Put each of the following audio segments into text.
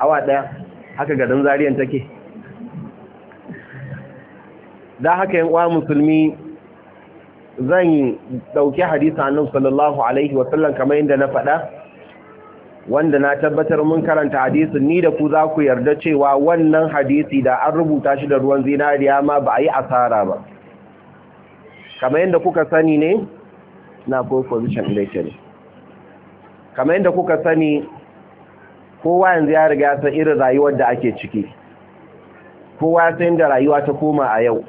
awa ɗaya haka garin zariyan take da haka yin uwa musulmi zan ɗauki hadisa nan, sallallahu alaihi wasallam kamar yadda na faɗa wanda na tabbatar mun karanta hadisin ni da ku za ku yarda cewa wannan hadisi da an rubuta shi da ruwan zinariya ma ba a yi asara ba kamar yadda kuka sani ne na ko position ɗaya ke ne kamar yadda kuka sani kowa yanzu ya riga san irin rayuwar da ake ciki kowa ya san da rayuwa ta koma a yau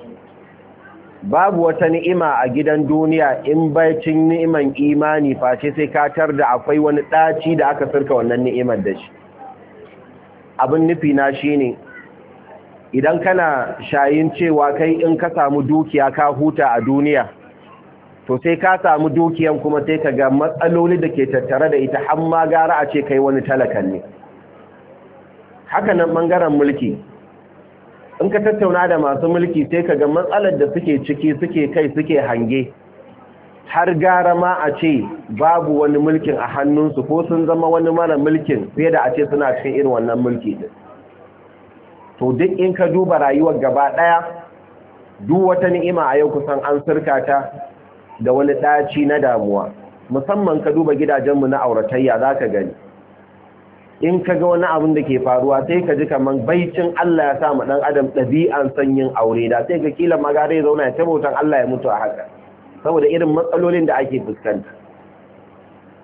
babu wata ni'ima a gidan duniya in baicin ni'iman imani face sai ka tar da akwai wani ɗaci da aka sirka wannan ni'imar da shi abin nufi na shine idan kana shayin cewa kai in ka samu dukiya ka huta a duniya to sai ka samu dukiyan kuma sai ka ga matsaloli da ke tattare da ita har ma gara a ce kai wani talakan ne haka nan ɓangaren mulki in ka tattauna da masu mulki sai ka ga matsalar da suke ciki suke kai suke hange har gara ma a ce babu wani mulkin a hannunsu ko sun zama wani mara mulkin fiye da a ce suna cikin irin wannan mulki din to duk in ka duba rayuwar gaba ɗaya duk wata ni'ima a yau kusan an sirka ta da wani ɗaci na damuwa musamman ka duba gidajenmu na auratayya za ka gani in ka ga wani abin da ke faruwa sai ka ji kamar baicin Allah ya sa mu dan adam ɗabi'an sanyin aure da sai ka kila magare zauna ya wutan Allah ya mutu a haka saboda irin matsalolin da ake fuskanta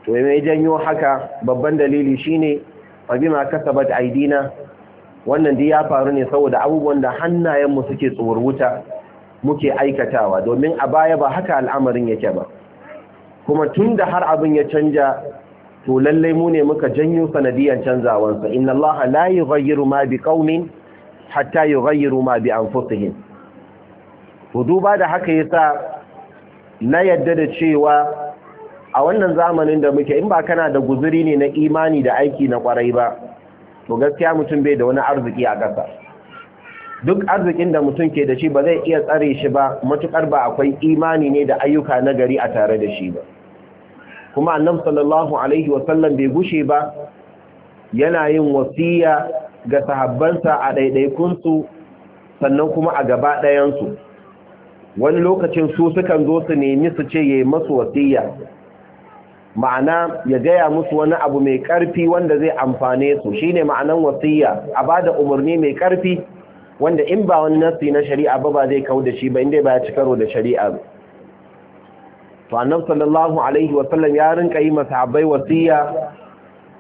to mai janyo haka babban dalili shine fabima kasabat aidina wannan dai ya faru ne saboda abubuwan da hannayen mu suke wuta muke aikatawa domin a baya ba haka al'amarin yake ba kuma tunda har abin ya canja to lallai mu ne muka janyo sanadiyan canzawansa inna allaha la yughayyiru ma bi qaumin hatta yughayyiru ma bi anfusihim to duba da haka yasa na yadda da cewa a wannan zamanin da muke in ba kana da guzuri ne na imani da aiki na kwarai ba to gaskiya mutum bai da wani arziki a ƙasa duk arzikin da mutum ke da shi ba zai iya tsare shi ba matukar ba akwai imani ne da ayyuka na gari a tare da shi ba kuma annabi sallallahu alaihi wa sallam bai gushe ba yana yin wasiya ga sahabbansa a su sannan kuma a gaba ɗayansu wani lokacin su sukan zo su nemi su ce ya yi masu wasiya ma'ana ya gaya musu wani abu mai ƙarfi wanda zai amfane su shine ma'anan wasiya a bada umarni mai karfi wanda in ba wani nasi na shari'a ba ba zai kawo da shi ba inda ba ya ci karo da shari'a to annab sallallahu alaihi wasallam ya rinka yi masahabai wasiya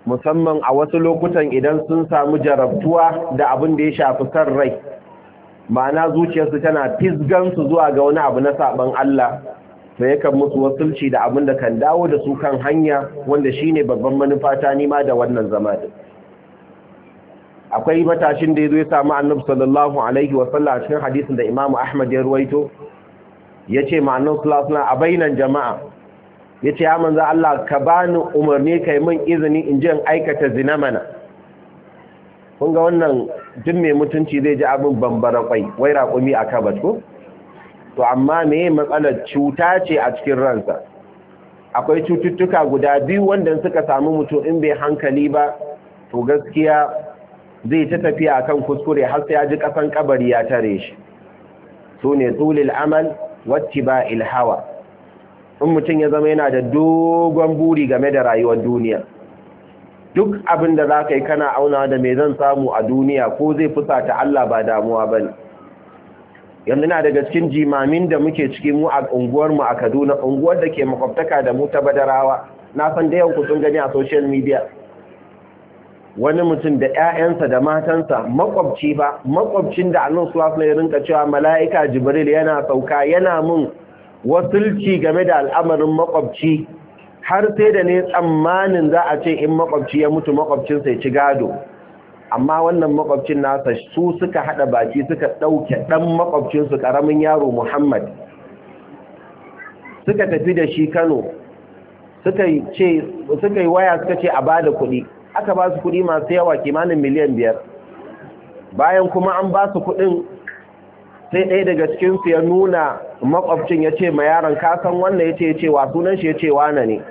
musamman a wasu lokutan idan sun samu jarabtuwa da abin da ya shafi san rai ma'ana zuciyarsu tana fisgan su zuwa ga wani abu na saban Allah to kan musu wasulci da abin da kan dawo da su kan hanya wanda shine babban manufa ta nima da wannan zama din akwai matashin da ya zo ya samu annabi sallallahu alaihi wasallam a cikin hadisin da Imam Ahmad ya ruwaito ya ce ma'anin sulasuna a bainan jama'a ya ce ya manza Allah ka bani umarni kai min izini in in aikata zina mana kun ga wannan jin mai mutunci zai ji abin bambara kwai wai raƙumi a kabas ko to amma me matsalar cuta ce a cikin ransa akwai cututtuka guda biyu wanda suka samu mutum in bai hankali ba to gaskiya zai ta tafiya akan kuskure har sai ya ji kasan kabari ya tare shi sune tulil amal ba, ilhawa in mutum ya zama yana da dogon buri game da rayuwar duniya duk abin da za ka yi kana auna da mai zan samu a duniya ko zai fusa ta Allah ba damuwa ba ne yanzu na daga cikin jimamin da muke ciki mu a unguwarmu a kaduna unguwar da ke makwabtaka da mu ta badarawa na san da ku sun gani a social media wani mutum da ‘ya'yansa da matansa makwabci ba makwabcin da annan suwasu ya rinka cewa mala'ika jibril yana sauka yana mun wasulci game da al'amarin makwabci har sai da ne tsammanin za a ce in makwabci ya mutu makwabcin ya ci gado amma wannan makwabcin nasa su suka haɗa baki suka ɗauke ɗan makwabcinsu ƙaramin yaro muhammad suka tafi da shi kano suka yi waya suka ce a bada kuɗi aka ba su kuɗi masu yawa kimanin miliyan biyar bayan kuma an ba su kuɗin sai ɗaya daga cikinsu ya nuna makwabcin ya ce ma yaron kasan wannan ya ce ya ce wa sunan shi ya ce wana ne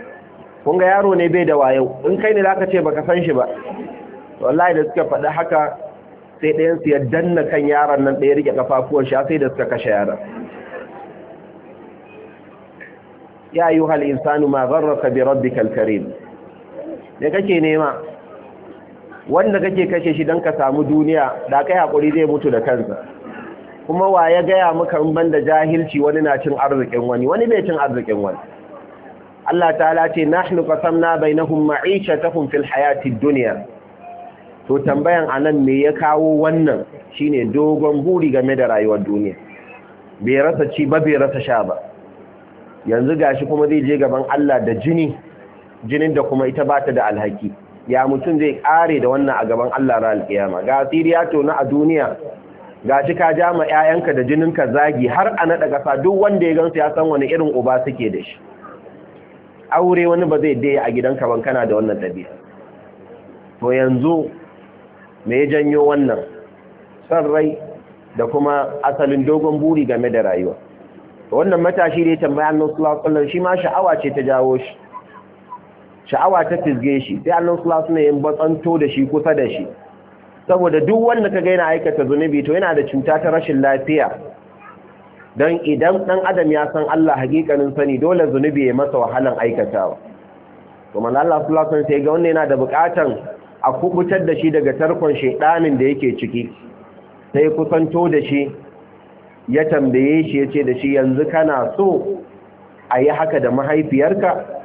Kunga yaro ne bai da wayo in kai ne za ka ce baka san shi ba wallahi da suka faɗi haka sai ɗayansu ya danna kan yaron nan ɗaya rike kafafuwan shi sai da suka kashe yaron ya yi hal insanu ma zarraka bi rabbikal karim me kake nema wanda kake kashe shi don ka samu duniya da kai hakuri zai mutu da kansa kuma wa ya gaya muka ban da jahilci wani na cin arzikin wani wani mai cin arzikin wani Allah ta'ala ce nahnu qasamna bainahum ma'ishatahum fil hayati duniya. to tambayan anan me ya kawo wannan shine dogon buri game da rayuwar duniya bai rasa ci ba bai rasa sha ba yanzu gashi kuma zai je gaban Allah da jini jinin da kuma ita bata da alhaki ya mutum zai kare da wannan a gaban Allah ran alkiyama ga asiriya to na a duniya ga shi ka ja ma 'ya'yanka da ka zagi har a naɗa ƙasa duk wanda ya gansu ya san wani irin uba suke da shi aure wani ba zai daya a gidanka ban kana da wannan ɗabi'a to yanzu me ya janyo wannan san rai da kuma asalin dogon buri game da rayuwa wannan matashi ne ya tambaya annabi sallallahu shi ma sha'awa ce ta jawo shi sha'awa ta fisge shi sai allon sallallahu alaihi yin ya batsanto da shi kusa da shi saboda duk wanda ka gaina aikata zunubi to yana da cuta ta rashin lafiya Don idan dan adam ya san Allah hakikanin sani dole zunubi ya masa wahalan aikatawa to manzo Allah sallallahu sai ga wanda yana da bukatan a kubutar da shi daga tarkon shaidanin da yake ciki sai kusanto da shi ya tambaye shi ya ce da shi yanzu kana so a yi haka da mahaifiyarka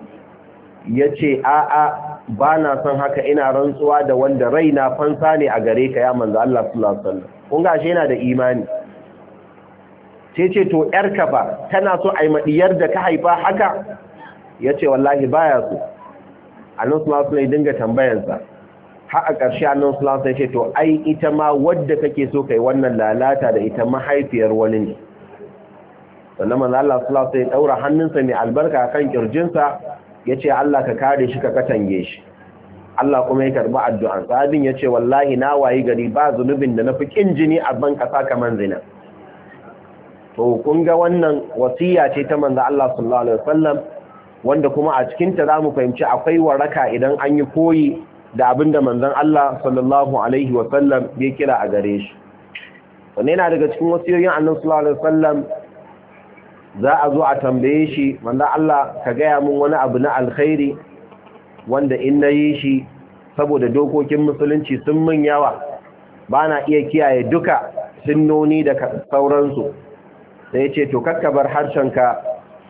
ya ce a'a ba na son haka ina rantsuwa da wanda raina fansa ne a gare ka ya manzo Allah sallallahu alaihi wasallam kun ga yana da imani ce ce to yarka ba tana so yi maɗiyar da ka haifa haka yace wallahi baya so annabi sallallahu alaihi dinga tambayar sa har a ƙarshe annabi sallallahu alaihi ce to ai ita ma wadda kake so kai wannan lalata da ita mahaifiyar wani ne sannan manzo Allah sallallahu alaihi daura hannunsa mai albarka kan kirjinsa ya ce Allah ka kare shi ka katange shi Allah kuma ya karbi addu'an sahabin ya ce wallahi na wayi gari ba zunubin da na fi ƙin jini a ban ƙasa kamar zina to kun ga wannan wasiya ce ta manzo Allah sallallahu alaihi wasallam wanda kuma a cikinta ta zamu fahimci akwai waraka idan an yi koyi da abinda manzan Allah sallallahu alaihi wasallam ya kira a gare shi wannan yana daga cikin wasiyoyin yoyin sallallahu alaihi wasallam za a zo a tambaye shi wanda Allah ka gaya mun wani abu na alkhairi wanda in na yi shi saboda dokokin musulunci sun mun yawa ba na iya kiyaye duka sinnoni da sauransu sai ce to kakkabar harshenka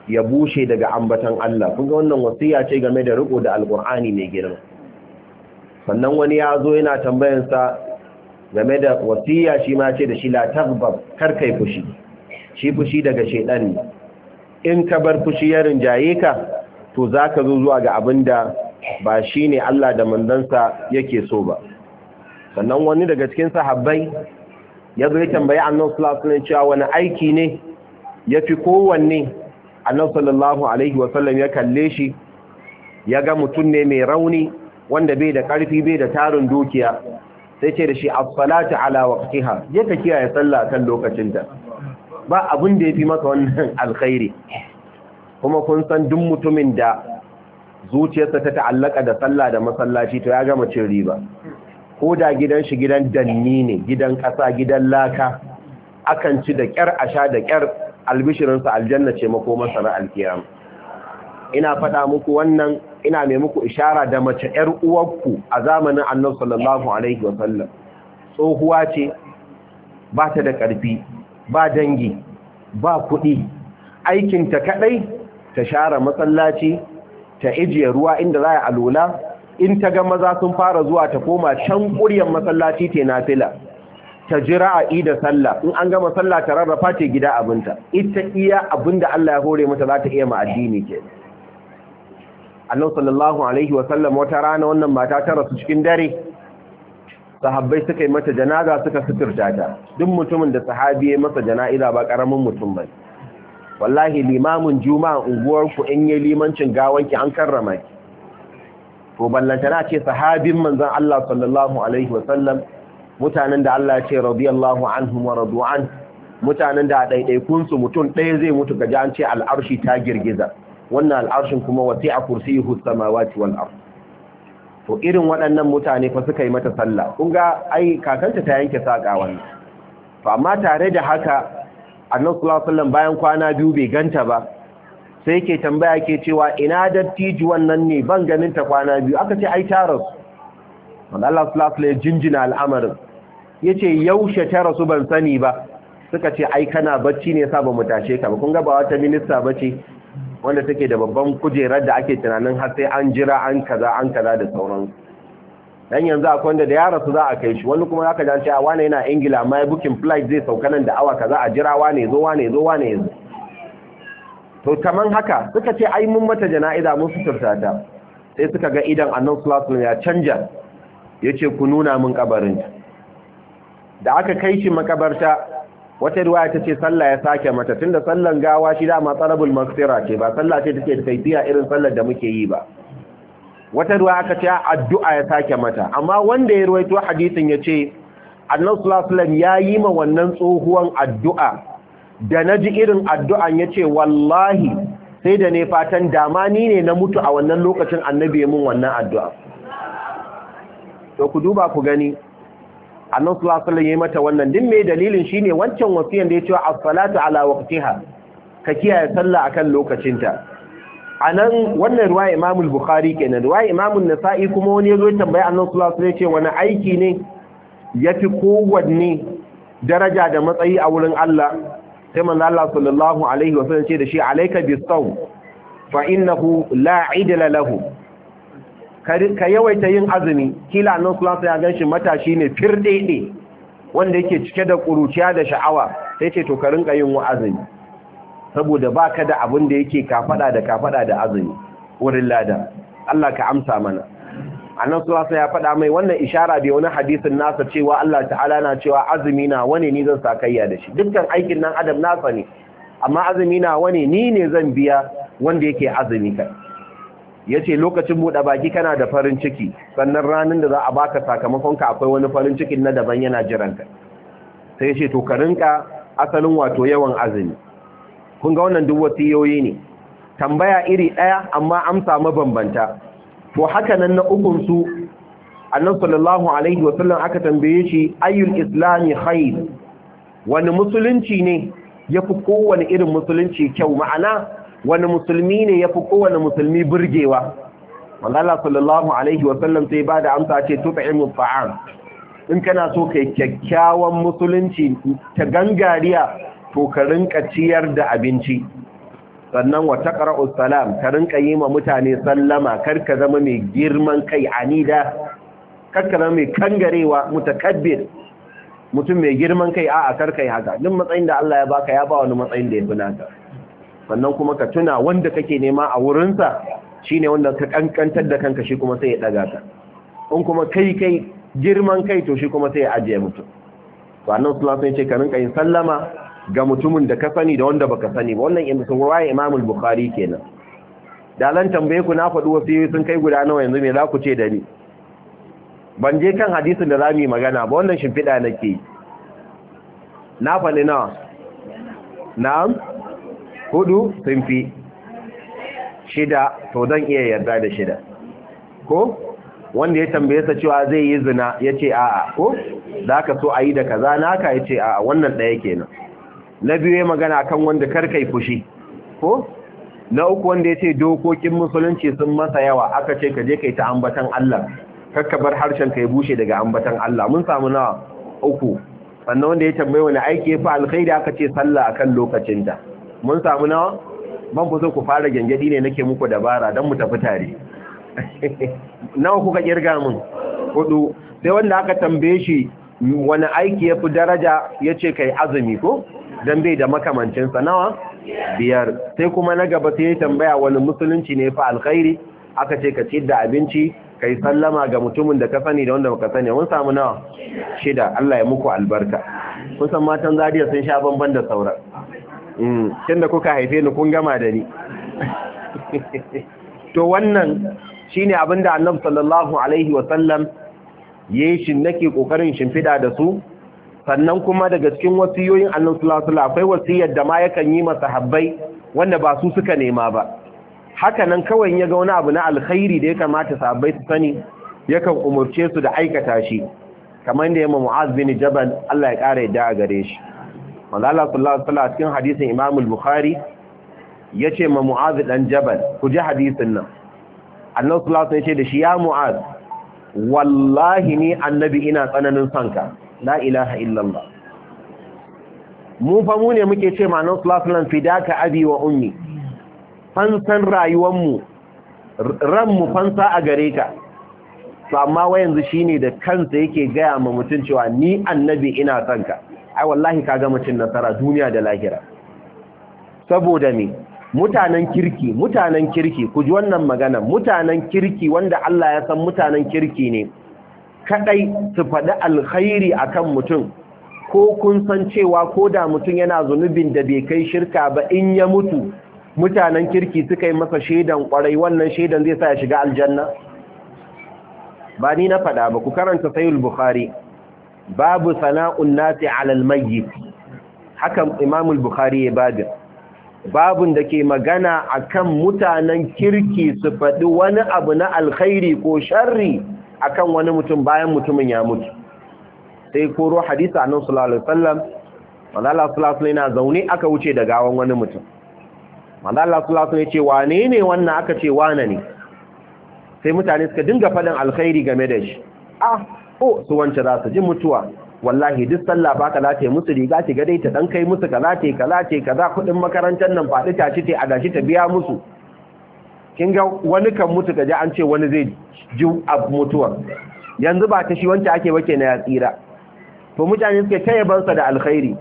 ya bushe daga ambatan Allah kun ga wannan wasiya ce game da riko da alkur'ani mai girma sannan wani ya zo yana tambayansa game da wasiya shi ma ce da shi la tagbab kar kai fushi shi fushi daga shaidan ne in ka bar fushi ya rinjaye ka to za ka zo zuwa ga abin da ba shi ne Allah da mandansa yake so ba sannan wani daga cikin sahabbai ya zo ya tambayi annan sallallahu cewa wani aiki ne ya fi kowanne annan sallallahu alaihi wasallam ya kalle shi ya ga mutum ne mai rauni wanda bai da ƙarfi bai da tarin dukiya sai ce da shi a salatu ala waqtiha ya ka kiyaye sallah kan lokacinta ba abun da ya fi maka wannan alkhairi kuma kun san duk mutumin da zuciyarsa ta ta'allaka da sallah da masallaci to ya gama cin riba ko da gidan shi gidan danni ne gidan ƙasa gidan laka akan ci da ƙyar a sha da ƙyar albishirinsa aljanna ce mako na alkiyam ina faɗa muku wannan ina mai muku ishara da mace ‘yar uwarku a zamanin annabi sallallahu alaihi wasallam tsohuwa ce ba ta da ƙarfi ba dangi ba kuɗi aikinta kaɗai ta share matsalaci ta ijiye ruwa inda za a alola in ta ga maza sun fara zuwa ta koma can ƙuryar masallaci ta fila, ta jira a ida sallah in an gama sallah ta rarrafa ta gida abinta ita iya abinda Allah ya hore mata za ta iya ma addini ke Allah sallallahu alaihi wa sallam wata rana wannan mata ta rasu cikin dare sahabbai suka yi mata janaza suka suturta ta duk mutumin da sahabi ya masa jana'iza ba karamin mutum ba wallahi limamin juma'a unguwar ku in yi limancin gawanki an karrama ki to na ce sahabin manzon Allah sallallahu alaihi wa sallam mutanen da Allah ya ce radiyallahu anhum wa radu'an mutanen da daidaikun su mutum ɗaya zai mutu ga an ce al'arshi ta girgiza wannan al'arshin kuma wasi'a kursiyuhu samawati wal ardh to irin waɗannan mutane fa suka yi mata sallah kun ga ai kakanta ta yanke saka wannan to amma tare da haka annabi sallallahu alaihi wasallam bayan kwana biyu bai ganta ba sai yake tambaya ke cewa ina dattiji wannan ne ban ganin ta kwana biyu aka ce ai ta Allah sallallahu alaihi wasallam jinjina al'amarin yace yaushe ta rasu ban sani ba suka ce ai kana bacci ne yasa ba mu tashe ka ba kun ga ba wata minista bace wanda take da babban kujerar da ake tunanin har sai an jira an kaza an kaza da sauransu dan yanzu akwai wanda da ya rasu za a kai shi wani kuma zaka ji an ce yana Ingila amma booking flight zai sauka nan da awa kaza a jira wane zo wane zo wane yanzu to kaman haka suka ce ai mun mata jana'iza mun su ta sai suka ga idan annabi sallallahu ya canja yace ku nuna mun kabarin da aka kai shi makabarta wata ruwa ta ce sallah ya sake mata tunda sallan gawa shi dama tsarabul masira ce ba sallah ce take da kaifiya irin sallar da muke yi ba wata ruwa aka ce addu'a ya sake mata amma wanda ya ruwaito hadisin ya ce annabi sallallahu ya yi ma wannan tsohuwan addu'a da naji irin addu'an ya ce wallahi sai da ne fatan dama ni ne na mutu a wannan lokacin annabi ya mun wannan addu'a to ku duba ku gani annan sulasalan ya yi mata wannan din mai dalilin shi ne wancan wasiyan da ya cewa a salatu ala waqtiha ka kiyaye sallah akan lokacinta a nan wannan ruwa imamul bukhari kenan ruwa imamul nasa'i kuma wani ya zo tambaya annan sulasalan ya ce wani aiki ne ya fi kowanne daraja da matsayi a wurin Allah sai manzo Allah sallallahu alaihi wasallam ce da shi alayka bis-sawm fa innahu la'idala lahu ka yawaita yin azumi kila nan sulansa ya gan shi matashi ne firɗeɗe wanda yake cike da ƙuruciya da sha'awa sai ce to ka yin wa azumi saboda ba ka da abin da yake kafaɗa da kafaɗa da azumi wurin lada Allah ka amsa mana annan sulansa ya faɗa mai wannan ishara da wani hadisin nasa cewa Allah ta'ala na cewa azumi na wani ni zan sa kayya da shi dukkan aikin nan adam nasa ne amma azumi na wani ni ne zan biya wanda yake azumi kai ya ce lokacin buɗe baki kana da farin ciki sannan ranar da za a baka sakamakon ka akwai wani farin cikin na daban yana jiranka sai ce to ka asalin wato yawan azumi kun ga wannan duk wasiyoyi ne tambaya iri ɗaya amma amsa mabambanta to haka nan na ukun su annan sallallahu alaihi wasallam aka tambaye shi ayyul islami khair wani musulunci ne yafi kowane irin musulunci kyau ma'ana wani musulmi ne ya fi kowane musulmi burgewa Allah sallallahu alaihi wasallam sai ba da amsa ce tut'imu fa'an. in kana so kai kyakkyawan musulunci ta gangariya to ka rinka ciyar da abinci sannan wata taqra'u salam ka rinka yi ma mutane sallama kar ka zama mai girman kai anida kar ka zama mai kangarewa mutakabbir mutum mai girman kai a'a kar yi haka duk matsayin da Allah ya baka ya ba wani matsayin da ya fi sannan kuma ka tuna wanda kake nema a wurinsa shine wanda ka kankantar da kanka shi kuma sai ya daga ka in kuma kai kai girman kai to shi kuma sai ya ajiye mutum to annabi sallallahu alaihi ya ce ka rinka sallama ga mutumin da ka sani da wanda baka sani ba wannan imam ruwaya imam al-bukhari kenan dalan tambaye ku na faɗi wasu sun kai guda nawa yanzu me za ku ce da ni ban je kan hadisin da za mu yi magana ba wannan shimfiɗa nake na faɗi nawa na'am hudu sun fi shida to zan iya yarda da shida ko wanda ya tambaye sa cewa zai yi zina ya ce a'a ko za ka so a yi da kaza naka ya ce a'a wannan ɗaya kenan na biyu ya magana kan wanda karkai fushi ko na uku wanda ya ce dokokin musulunci sun masa yawa aka ce ka je ka yi ta ambatan Allah kakka bar harshen ka ya bushe daga ambatan Allah mun samu na uku sannan wanda ya tambaye wani aiki ya fi alkhairi aka ce sallah akan lokacin lokacinta mun samu nawa ban ku so ku fara gyangyadi ne nake muku dabara don mu tafi tare nawa kuka kirga mun hudu sai wanda aka tambaye shi wani aiki ya fi daraja ya ce kai azumi ko don bai da makamancinsa nawa biyar sai kuma na gaba sai ya tambaya wani musulunci ne fa alkhairi aka ce ka ciyar da abinci kai sallama ga mutumin da ka sani da wanda baka sani mun samu nawa shida Allah ya muku albarka Kusan matan zariya sun sha bamban da sauran Mm. tunda kuka haife ni kun gama da ni to wannan shine abin da Annabi sallallahu alaihi wasallam ya yi shi nake kokarin shimfida da su sannan kuma daga cikin wasiyoyin Annabi sallallahu alaihi akwai wasiyar da ma yakan yi masa habbai wanda ba su suka nema ba haka nan kawai ya ga wani abu na alkhairi da ya kamata sahabbai su sani yakan umarce su da aikata shi kamar da yamma Mu'az bin Jabal Allah ya ƙara yadda a gare shi manzala sallallahu alaihi wasallam cikin hadisin Imam al-Bukhari yace ma mu'az dan Jabal ku ji hadisin nan Annan sallallahu alaihi wasallam yace da shi ya mu'az wallahi ni annabi ina tsananin sanka la ilaha illallah mu fa mu ne muke ce ma Annabi sallallahu alaihi wasallam fidaka abi wa ummi fansan rayuwar mu ran mu fansa a gare ka amma wa yanzu shine da kansa yake gaya ma mutun cewa ni annabi ina sanka ai wallahi ka kaga mutum nasara duniya da lahira saboda me mutanen kirki mutanen kirki ku ji wannan magana mutanen kirki wanda Allah ya san mutanen kirki ne kadai su faɗi alkhairi akan mutum ko kun san cewa ko da mutum yana zunubin da bai kai shirka ba in ya mutu mutanen kirki suka yi masa shaidan kwarai wannan shaidan zai sa ya shiga aljanna ba ni na faɗa ba ku karanta sayul bukhari babu sana'un nasi alal mayyit hakan imamul bukhari ya bada babun da ke magana akan mutanen kirki su faɗi wani abu na alkhairi ko sharri akan wani mutum bayan mutumin ya mutu sai koro hadisa annabi sallallahu alaihi wasallam Allah sallallahu alaihi wasallam zaune aka wuce da gawan wani mutum Allah sallallahu alaihi wasallam ya ce wane ne wannan aka ce wane ne sai mutane suka dinga faɗin alkhairi game da shi ah Ko su wance za su ji mutuwa wallahi duk sallah ba ka late musu riga ki ga dai ta dan kai musu kalate ka kaza kudin makarantar nan faɗi ta ci a gashi ta biya musu kin ga wani kan mutu ji an ce wani zai ji mutuwa yanzu ba ta shi wanda ake wake na yatsira to mutane suke kai bansa da alkhairi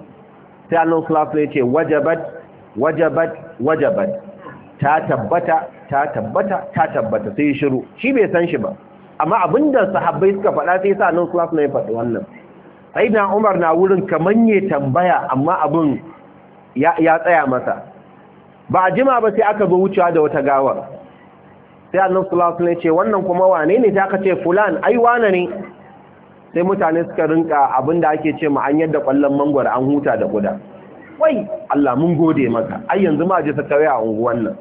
sai Allah sallallahu alaihi ce wajabat wajabat wajabat ta tabbata ta tabbata ta tabbata sai shiru shi bai san shi ba amma abinda sahabbai suka faɗa sai sa nan class yi faɗi wannan sai na Umar na wurin kaman ya tambaya amma abin ya tsaya masa ba a jima ba sai aka zo wucewa da wata gawar sai annabi sallallahu alaihi ce wannan kuma wane ne ta kace fulan ai wane ne sai mutane suka rinka abinda ake ce ma an yadda kwallon mangwara an huta da guda wai Allah mun gode maka ai yanzu ma je ta kawai a unguwan nan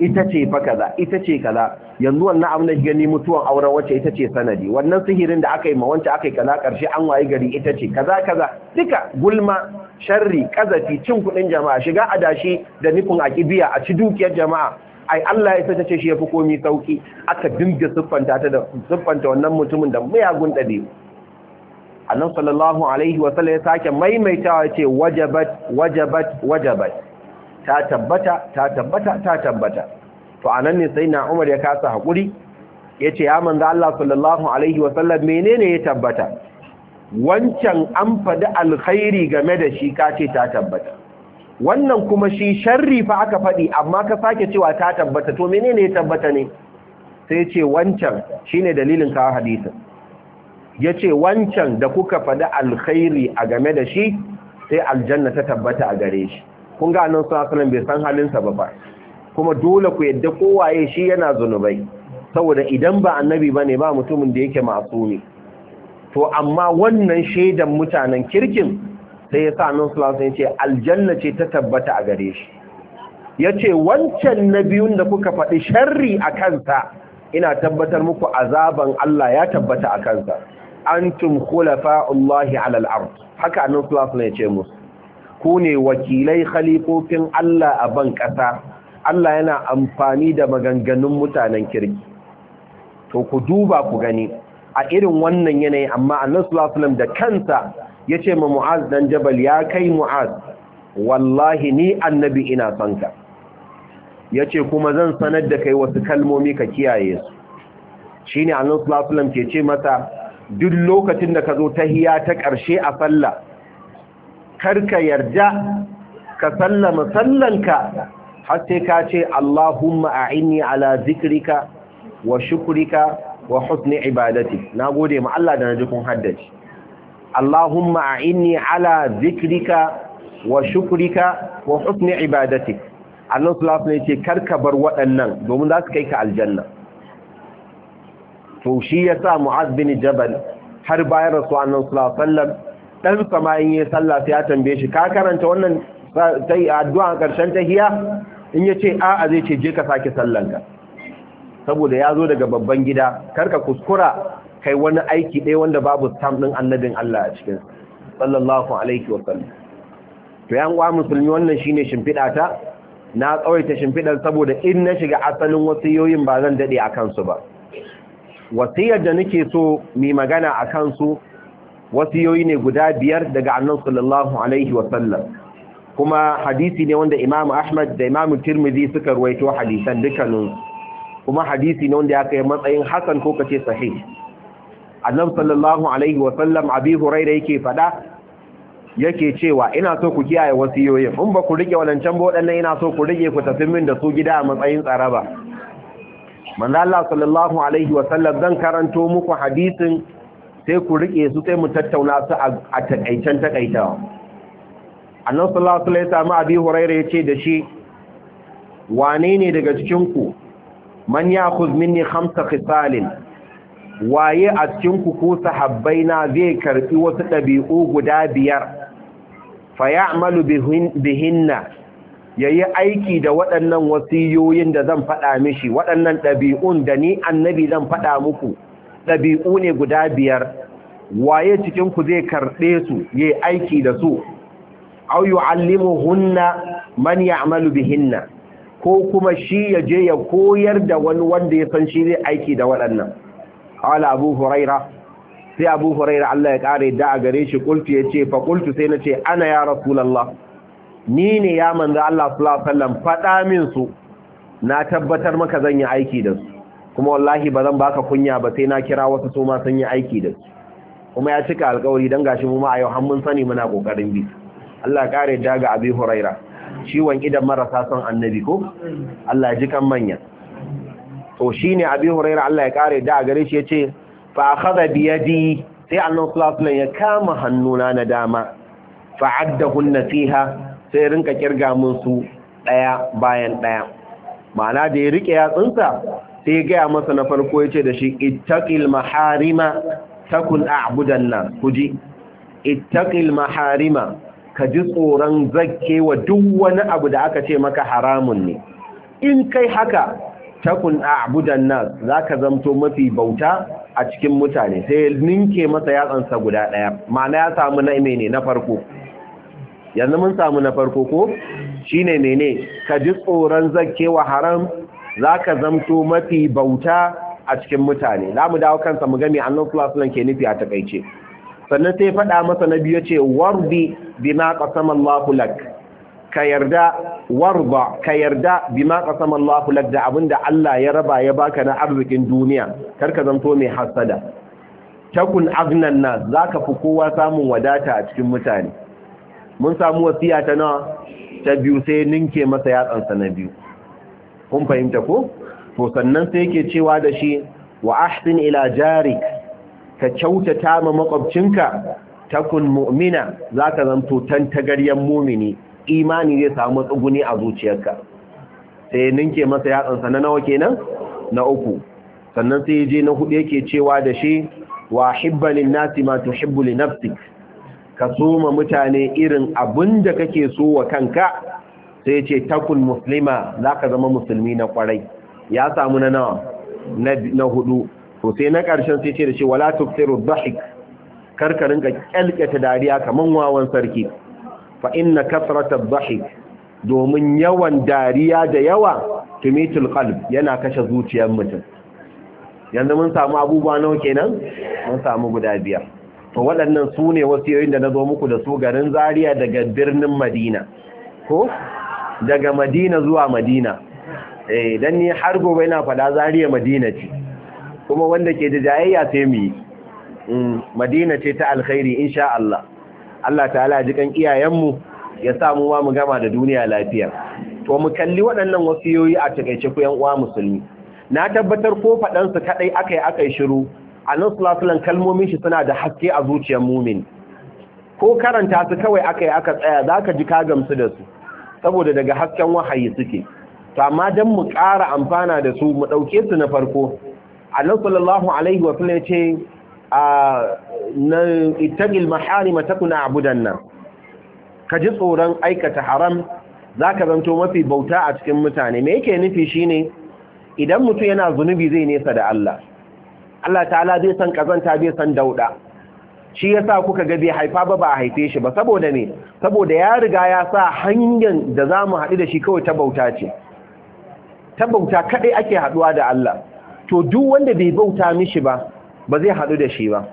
ita ce fa kaza ita ce kaza yanzu wannan abin da gani mutuwan auren wacce ita ce sanadi wannan sihirin da aka yi ma wacce aka yi kaza karshe an waye gari ita ce kaza kaza duka gulma sharri kazafi cin kuɗin jama'a shiga adashi da nufin akibiya a ci dukiyar jama'a ai Allah ya sace shi ya fi komi sauki aka dinga siffanta ta da siffanta wannan mutumin da muyagun dade annabi sallallahu alaihi wa sallam ya sake maimaitawa ce wajabat wajabat wajabat ta tabbata ta tabbata ta tabbata to anan ne sai na Umar ya kasa hakuri yace ya manzo Allah sallallahu alaihi wasallam menene ya tabbata wancan an faɗi alkhairi game da shi kace ta tabbata wannan kuma shi sharri fa aka faɗi amma ka sake cewa ta tabbata to menene ya tabbata ne sai ce wancan ne dalilin kawo hadisin ya ce wancan da kuka faɗi alkhairi a game da shi sai aljanna ta tabbata a gare shi kun ga alaihi wasallam bai san halinsa ba ba kuma dole ku yadda kowaye shi yana zunubai saboda idan ba annabi bane ba mutumin da yake masumi to amma wannan shaidan mutanen kirkin sai ya sa nan ya ce aljanna ce ta tabbata a gare shi yace wancan na biyun da kuka faɗi sharri a kansa ina tabbatar muku azaban Allah ya tabbata a kansa antum khulafa'ullahi alal ard haka alaihi wasallam ya ce musu ku ne wakilai khalifofin Allah a ban ƙasa Allah yana amfani da maganganun mutanen kirki to ku duba ku gani a irin wannan yanayi amma Allah sallallahu da kansa ya ce ma Mu'az dan Jabal ya kai Mu'az wallahi ni annabi ina son ka yace kuma zan sanar da kai wasu kalmomi ka kiyaye su shine ne sallallahu alaihi wasallam ke ce masa duk lokacin da ka zo hiya ta ƙarshe a sallah karka yarda ka sallama sallanka har sai ka ce Allahumma a'inni ala zikrika wa shukrika wa husni ibadati nagode ma Allah da naji kun haddace Allahumma a'inni ala zikrika wa shukrika wa husni ibadati Allah subhanahu wa ce karka bar waɗannan domin za su kai ka aljanna to shi yasa Mu'az bin Jabal har bayan Rasulullah sallallahu alaihi wasallam dan samayin ya sallah sai ya tambaye shi ka karanta wannan sai addu'a karshen tahiya in yace a a zai ce je ka sake sallanka saboda ya zo daga babban gida karka kuskura kai wani aiki ɗaya wanda babu stamp ɗin annabin Allah a cikin sallallahu alaihi wa sallam to yan uwa musulmi wannan shine shimfiɗa ta na tsawaita shimfiɗar saboda in na shiga asalin wasiyoyin ba zan daɗe a kansu ba wasiyar da nake so mi magana a kansu wasiyoyi ne guda biyar daga annan sallallahu alaihi wasallam kuma hadisi ne wanda imam ahmad da imam tirmidhi suka ruwaito hadisan dukkanin kuma hadisi ne wanda ya kai matsayin hasan ko kace sahih annab sallallahu alaihi wasallam abi hurairah yake fada yake cewa ina so ku kiyaye wasiyoyin in ba ku rike walancan ba wadannan ina so ku rike ku tafi min da su gida a matsayin tsaraba manzo Allah sallallahu alaihi wasallam zan karanto muku hadisin sai ku rike su sai mu tattauna su a takaicen takaitawa annan sallallahu alaihi wasallam abi hurairah yace da shi wane ne daga cikinku, ku man ya minni khamsa fisalin? waye a cikin ku ko na zai karɓi wasu ɗabi'u guda biyar fa ya'malu bihinna yi aiki da waɗannan wasiyoyin da zan faɗa mishi waɗannan ɗabi'un da ni annabi zan faɗa muku ɗabi'u ne guda biyar waye cikinku zai karɓe su ya aiki da su au alimu hunna man ya'malu bihinna ko kuma shi ya je ya koyar da wani wanda ya san shi zai aiki da waɗannan qala abu huraira sai abu huraira Allah ya kare da a gare shi kultu yace fa kultu sai na ce ana ya rasulallah ni ne ya manza Allah sallallahu alaihi faɗa min su na tabbatar maka zan yi aiki da su kuma wallahi ba zan baka kunya ba sai na kira wasu su ma sun yi aiki da su kuma ya cika alkawari dan gashi mu ma a yau har mun sani muna kokarin bi Allah kare daga Abi Huraira ciwon idan marasa son annabi ko Allah ji kan manya to shine Abi Huraira Allah ya kare da gare shi yace fa akhadha bi yadi sai annabi sallallahu ya kama hannuna na dama fa addahunna fiha sai rinka kirga mun su daya bayan daya ma'ana da ya rike yatsunsa sai ya gaya masa na farko ya ce da shi ittaqil maharima takun a'budan ku ji ittaqil maharima ka ji tsoron zake wa duk wani abu da aka ce maka haramun ne in kai haka takun a'budan za ka zamto mafi bauta a cikin mutane sai ninke masa yatsansa guda ɗaya. ma'ana ya samu na ne na farko yanzu mun samu na farko ko Shi ne mene ka ji tsoron zake wa haram za ka zamto mafi bauta a cikin mutane za mu dawo kansa mu gami annan fulasunan ke nufi a takaice sannan sai faɗa masa na biyu ce warbi bima qasama Allahu ka yarda warba ka yarda bima qasama Allahu da Allah ya raba ya baka na arzikin duniya kar ka zamto mai hasada takun agnan za ka fi kowa samun wadata a cikin mutane mun samu wasiya ta nawa ta biyu sai ninke masa yatsansa na biyu kun fahimta ko to sannan sai yake cewa da shi wa ahsin ila jarik ka kyautata ma makwabcinka takun mu'mina zaka zanto tantagaryen mumini imani zai samu tsuguni a zuciyarka sai ninke masa yatsan sana nawa kenan na uku sannan sai je na hudu yake cewa da shi wa hibba lin nasi ma tuhibbu li nafsik ka soma mutane irin abinda kake so wa kanka sai ya ce takun muslima za ka zama musulmi na kwarai ya samu na nawa na hudu to sai na ƙarshen sai ce da shi wala tuksiru dhahik karkarin ka kyalkata dariya kamar wawan sarki fa inna kasrata dhahik domin yawan dariya da yawa tumitul qalb yana kashe zuciyar mutum yanzu mun samu abubuwa nawa kenan mun samu guda biyar to waɗannan su ne wasu yoyin da na zo muku da su garin Zaria daga birnin Madina ko daga madina zuwa madina eh dan ni har gobe ina fada zariya madina ce kuma wanda ke da jayayya sai mu mm, madina ce ta alkhairi insha Allah Allah ta'ala ya ji kan iyayenmu ya sa mu mu gama da duniya lafiya to mu kalli waɗannan wasiyoyi a takeice ku yan uwa musulmi na tabbatar ko faɗan su kadai akai akai shiru annabi sallallahu alaihi kalmomin shi suna da haske a zuciyar mumin ko karanta su kawai akai aka tsaya zaka ji ka gamsu da su saboda daga hasken wahayi suke to amma dan mu ƙara amfana da su mu ɗauke su na farko Allah sallallahu alaihi wa sallam ce a nan ittaqil maharim takuna abudanna ka ji tsoron aikata haram zaka zanto mafi bauta a cikin mutane me yake nufi shine idan mutum yana zunubi zai nesa da Allah Allah ta'ala zai san kazanta zai san dauda shi sa kuka ga haifa ba ba a haife shi ba saboda ne saboda ya riga ya sa hanyar da zamu haɗu da shi kawai ta bauta ce ta bauta kaɗai ake haɗuwa da Allah to duk wanda bai bauta mishi ba ba zai haɗu da shi ba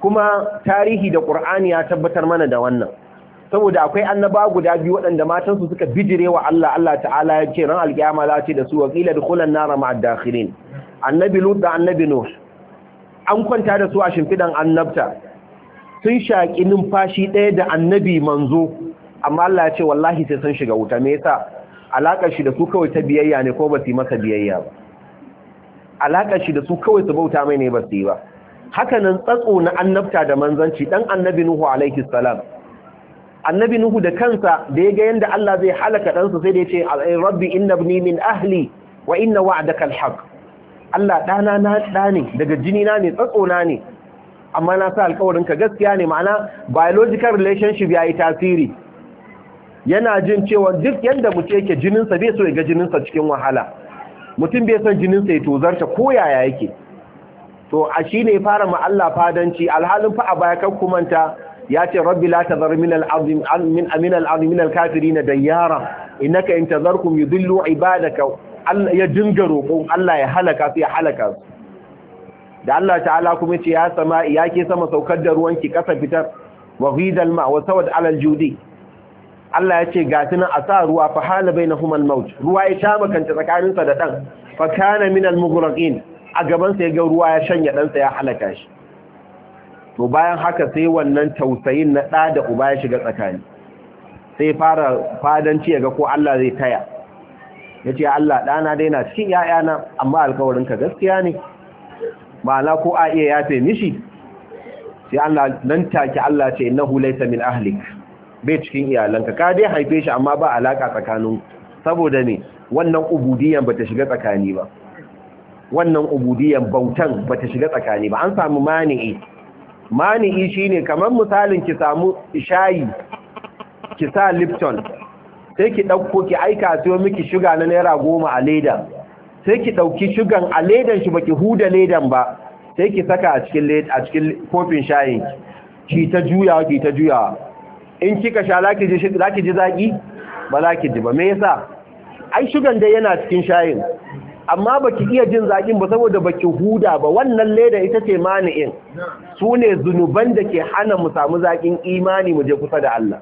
kuma tarihi da Ƙur'ani ya tabbatar mana da wannan saboda akwai annaba guda biyu waɗanda matansu suka bijire wa Allah Allah ta'ala ya ce ran alƙiyama za ce da su wa qila dukhulan nara ma'ad dakhirin annabi lut da annabi nuh an kwanta da su a shimfidan annabta sun shaƙi numfashi ɗaya da annabi manzo amma Allah ya ce wallahi sai sun shiga wuta me yasa alaƙar shi da su kawai ta biyayya ne ko ba su yi masa biyayya ba alaƙar shi da su kawai su bauta mai ne ba su yi ba haka nan tsatso na annabta da manzanci ɗan annabi nuhu alaihi salam annabi nuhu da kansa da ya ga yanda Allah zai halaka ɗansa sai da ya ce rabbi innabni min ahli wa inna wa'daka alhaq Allah ɗana na ɗa daga jini na ne tsatso na ne amma na sa alkawarin ka gaskiya ne ma'ana biological relationship yayi tasiri yana jin cewa duk yanda mutum yake jininsa bai so ya ga jininsa cikin wahala mutum bai son jininsa ya tozarta ko yaya yake to a shi ne fara ma Allah fadanci alhalin fa a baya kan kumanta ya ce rabbi la tazar min al-azim min amin al-azim min al-kafirin dayyara innaka yudillu ibadaka ya dinga roƙon Allah ya halaka su ya halaka su da Allah ta'ala kuma ce ya sama ya ke sama saukar da ruwan ki kasa fitar wa hidal ma wa sawad alal judi Allah ya ce ga tunan a sa ruwa fa hala na human maut ruwa ya sha makanta tsakaninsa da ɗan, fa kana min al mughraqin a gaban sa ya ga ruwa ya shanya dan sa ya halaka shi to bayan haka sai wannan tausayin na da da uba ya shiga tsakani sai fara fadanci ga ko Allah zai taya yace Allah dana na cikin 'ya'yana, amma alƙawarin ka gaskiya ne ma'ana ko a iya yafe mishi sai Allah nan take Allah ce innahu laysa min ahlik bai cikin iyalanka ka dai haife shi amma ba alaka tsakanin saboda ne wannan ubudiyyan bata shiga tsakani ba wannan ubudiyyan bautan bata shiga tsakani ba an samu mani'i mani'i shine kamar misalin ki samu shayi ki sa lipton sai ki dauko ki aika siyo miki shuga na naira goma a leda sai ki ɗauki shugan a ledan shi baki huda ledan ba sai ki saka a cikin kofin shayin ki ta juyawa ki ta juyawa in kika sha zaki ki ji zaki ba ki ji ba me yasa ai shugan dai yana cikin shayin amma baki iya jin zakin ba saboda baki huda ba wannan leda ita ce mani'in su ne zunuban da ke hana mu samu zaƙin imani mu je kusa da Allah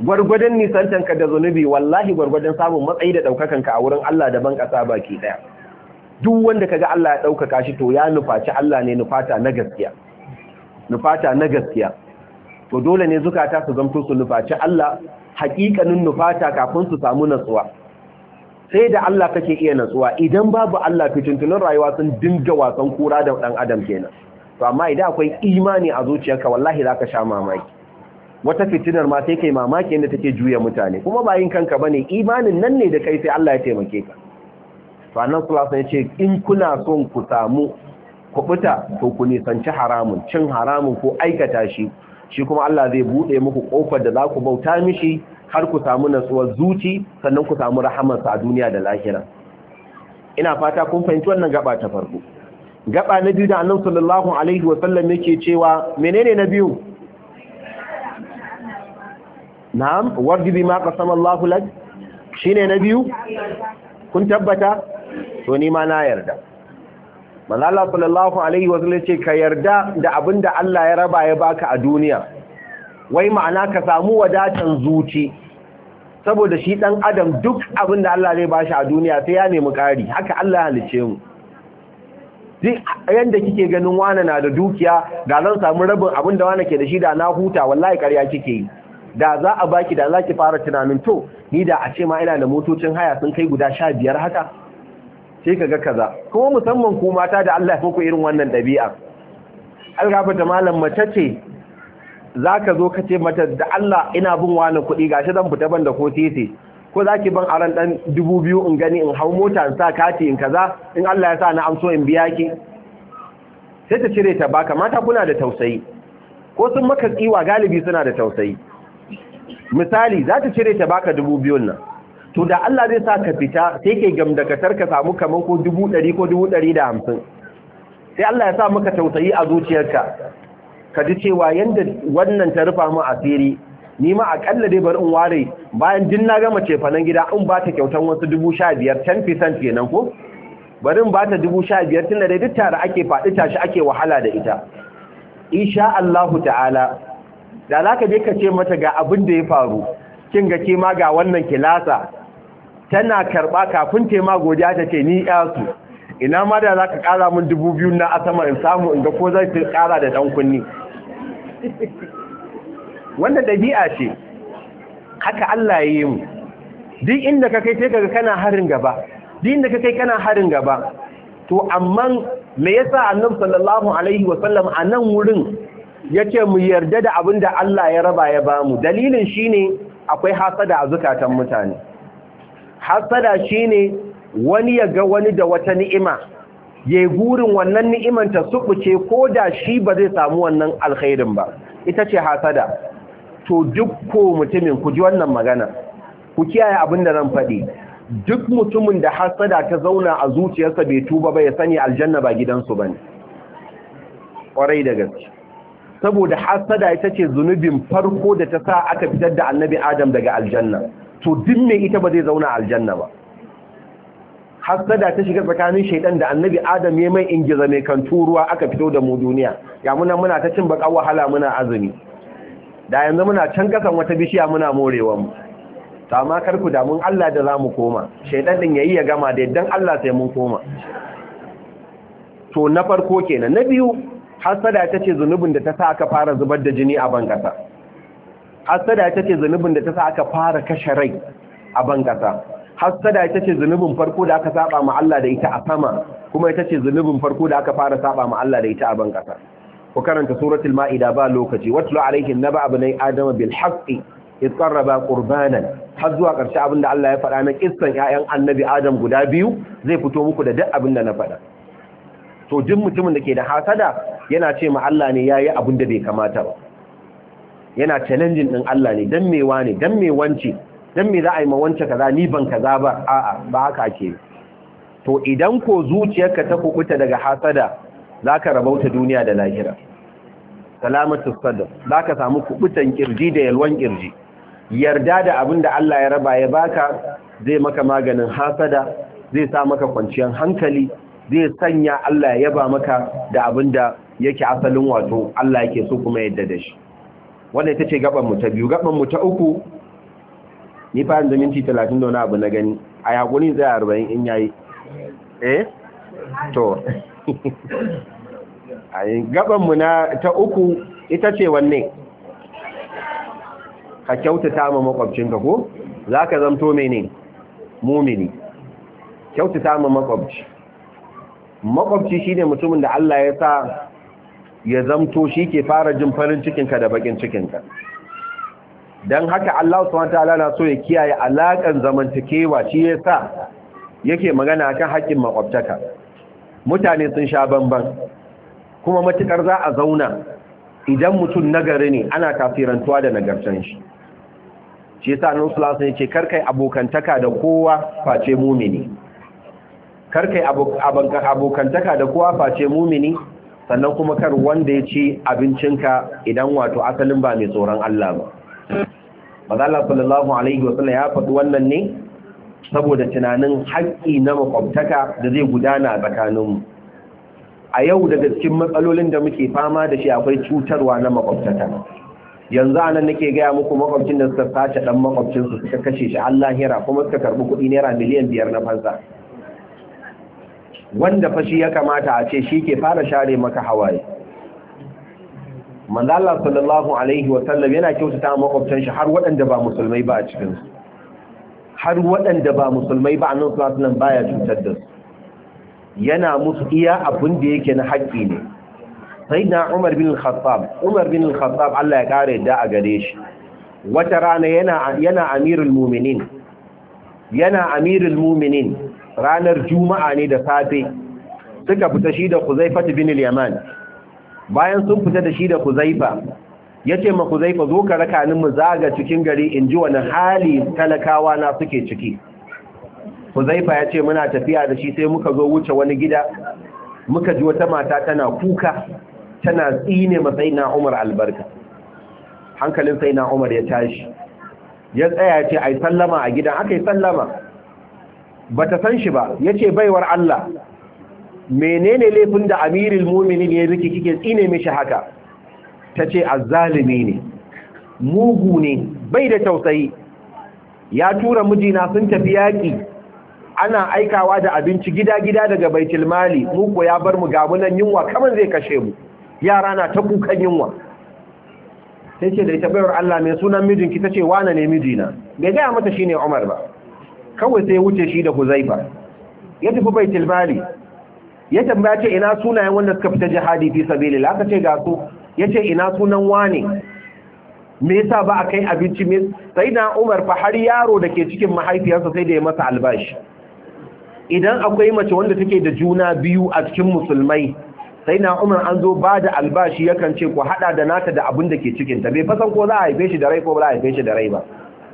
gwargwadon nisantanka da zunubi wallahi gwargwadon samun matsayi da ka a wurin Allah da ban ƙasa baki ɗaya duk wanda ka ga Allah ya ɗaukaka shi to ya nufaci Allah ne nufata na gaskiya nufata na gaskiya to dole ne zukata su zamto su nufaci Allah haƙiƙanin nufata kafin su samu natsuwa sai da Allah kake iya natsuwa idan babu Allah fitintunin rayuwa sun dinga wasan kura da ɗan adam kenan to amma idan akwai imani a zuciyarka wallahi zaka sha mamaki wata fitinar ma sai kai mamaki inda take juya mutane kuma ba yin kanka bane imanin nan ne da kai sai Allah ya taimake ka to annan sulasa ya ce in kuna son ku samu kubuta to ku nisanci haramun cin haramun ko aikata shi shi kuma Allah zai bude muku kofar da za ku bauta mishi har ku samu natsuwar zuci sannan ku samu sa a duniya da lahira ina fata kun fahimci wannan gaba ta farko gaba na biyu da annabi sallallahu alaihi sallam yake cewa menene na biyu na'am wardi bima qasama Allahu lak shine na biyu kun tabbata to ni ma na yarda manzo Allah sallallahu alaihi wa sallam ce ka yarda da abinda Allah ya raba ya baka a duniya wai ma'ana ka samu wadatan zuci saboda shi dan adam duk abinda Allah zai bashi a duniya sai ya nemi kari haka Allah ya halice mu duk yanda kike ganin wani na da dukiya da zan samu rabin abinda wani ke da shi da na huta wallahi ƙarya kike yi da za a baki da za ki fara tunanin to ni da a ce ma ina da motocin haya sun kai guda sha biyar haka sai ka ga kaza kuma musamman ku mata da Allah ya ku irin wannan ɗabi'a algafa ta malam mace ce za ka zo ka ce mata da Allah ina bin wani kuɗi gashi zan fita ban da ko titi ko za ki ban aran ɗan dubu biyu in gani in hau mota in sa kati in kaza in Allah ya sa na amso in biya ki sai ta cire ta baka mata kuna da tausayi ko sun maka tsiwa galibi suna da tausayi misali za ta cire ta baka dubu biyun nan to da Allah zai sa ka fita sai ke gam daga ka samu kamar ko dubu ɗari ko dubu ɗari da hamsin sai Allah ya sa maka tausayi a zuciyarka ka ji cewa yadda wannan ta rufa mu asiri ni ma aƙalla dai bari in ware bayan din na gama cefanen gida in ba ta kyautan wasu dubu sha biyar 10% kenan ko bari in ba ta dubu sha biyar tunda dai duk tare ake faɗi tashi ake wahala da ita insha Allahu ta'ala da za ka je ka ce mata ga abin da ya faru kin ga ke ma ga wannan kilasa tana karɓa kafin ma godiya ta ce ni yasu ina ma da za ka ƙara min dubu biyu na asama in samu in ga ko zai fi ƙara da ɗan kunni wannan ɗabi'a ce haka Allah ya yi mu duk inda ka kai sai kaga kana harin gaba duk inda ka kai kana harin gaba to amma me yasa annabi sallallahu alaihi wa sallam a nan wurin yace mu yarda da abin da Allah ya raba ya bamu dalilin shine akwai hasada a zukatan mutane hasada shine wani ya ga wani da wata ni'ima ya yi gurin wannan ni'iman ta subuce ko da shi ba zai samu wannan alkhairin ba ita ce hasada to duk ko mutumin ku ji wannan magana ku kiyaye abin da zan faɗi duk mutumin da hasada ta zauna a zuciyarsa bai tuba ba ya sani aljanna ba gidansu ba bane kwarai da gaske saboda hasada ita ce zunubin farko da ta sa aka fitar da annabi adam daga aljanna to duk mai ita ba zai zauna aljanna ba hasada ta shiga tsakanin shaidan da annabi adam ya mai ingiza mai kan ruwa aka fito da mu duniya ya muna muna ta cin baka wahala muna azumi da yanzu muna can kasan wata bishiya muna morewa mu ta ma karku da mun Allah da zamu koma shaidan din yayi ya gama da yaddan Allah sai mun koma to na farko kenan na biyu hasada ta ce zunubin da ta sa aka fara zubar da jini a bankasa hasada ta ce zunubin da ta sa aka fara kashe rai a bankasa hasada ita ce zunubin farko da aka saba ma Allah da ita a sama kuma ita ce zunubin farko da aka fara saba ma Allah da ita a bankasa ku karanta suratul maida ba lokaci watlu alaihim naba abnai adama bil haqqi iz qarraba qurbanan har zuwa karshe abinda Allah ya faɗa na kissan ƴaƴan annabi Adam guda biyu zai fito muku da duk abinda na faɗa to duk mutumin da ke da hasada yana ce ma Allah ne yayi abin da bai kamata ba yana challenging din Allah ne dan me wani, dan me wance dan me za a yi ma wance kaza ni ban kaza ba a'a ba haka ake to idan ko zuciyarka ta kukuta daga hasada zaka rabauta duniya da lahira salamatu Za zaka samu kukutan kirji da yalwan kirji yarda da abin da Allah ya raba ya baka zai maka maganin hasada zai sa maka kwanciyar hankali zai sanya Allah ya yaba maka da abin da yake asalin wato Allah yake so kuma yadda da shi wanda ita ce gaban mu ta biyu gaban mu ta uku ni fa yanzu minti 30 da wani abu na gani a yakuni zai 40 in yayi eh to ai gaban mu na ta uku ita ce wanne ka kyautata ma makwabcinka ko zaka zanto mene mumini kyautata ma makwabci makwabci shine mutumin da Allah ya sa ya zamto shi ke fara jin farin cikinka da bakin cikinka don haka Allah subhanahu na so ya kiyaye alakan zamantakewa shi ya sa yake magana kan haƙƙin makwabtaka mutane sun sha banban kuma matukar za a zauna idan mutum nagari ne ana tafirantuwa da nagartan shi shi sa nan sulasun ya ce karkai abokantaka da kowa face mumini kar yi abokantaka da kuwa face mumini sannan kuma kar wanda ya ci abincinka idan wato asalin ba mai tsoron Allah ba mazala sallallahu alaihi wasu ya faɗi wannan ne saboda tunanin haƙƙi na makwabtaka da zai gudana a tsakaninmu a yau daga cikin matsalolin da muke fama da shi akwai cutarwa na makwabtaka yanzu a nan nake gaya muku makwabcin da suka sace ɗan makwabcinsu suka kashe shi Allah hira kuma suka karɓi kuɗi naira miliyan biyar na fansa wanda fashi ya kamata a ce shi ke fara share maka hawaye manzala sallallahu alaihi wasallam yana kyautata makwabtan shi har waɗanda ba musulmai ba a cikin su. har waɗanda ba musulmai ba a nan sallallahu baya cutar da su yana musu iya abin da yake na haƙƙi ne sai na umar bin khattab umar bin khattab Allah ya kare da a gare shi wata rana yana yana amirul mu'minin yana amirul mu'minin ranar juma'a ne da safe suka fita shi da Huzaifa bin al-Yaman bayan sun fita da shi da ya yace ma Kuzaifa zo ka raka ni mu zaga cikin gari in ji wani hali talakawa na suke ciki Huzaifa yace muna tafiya da shi sai muka zo wuce wani gida muka ji wata mata tana kuka tana tsine sai na Umar albarka hankalin sai na Umar ya tashi ya tsaya ce ai sallama a gidan akai sallama bata san shi ba yace baiwar Allah menene laifin da amirul mu'minin ya riki kike tsine mishi haka tace azzalimi ne mugu ne bai da tausayi ya tura mijina sun tafi yaki ana aikawa da abinci gida-gida daga baitul mali muku ya bar mu nan yunwa kaman zai kashe mu yara na ta kukan yunwa sai ce da ita bayar Allah mai sunan mijinki tace wane ne mijina bai gaya mata shine Umar ba kawai sai wuce shi da huzaifa ya tafi baitul mali ya tambaya ina sunayen wanda suka fita jihadi fi sabilillah aka ce ga su yace ina sunan wane me yasa ba a kai abinci me sai na Umar fa har yaro dake cikin mahaifiyarsa sai da ya masa albashi idan akwai mace wanda take da juna biyu a cikin musulmai sai na Umar an zo ba da albashi yakan ce ku hada da nata da abin da ke cikin ta bai fasan ko za a haife shi da rai ko ba za a haife shi da rai ba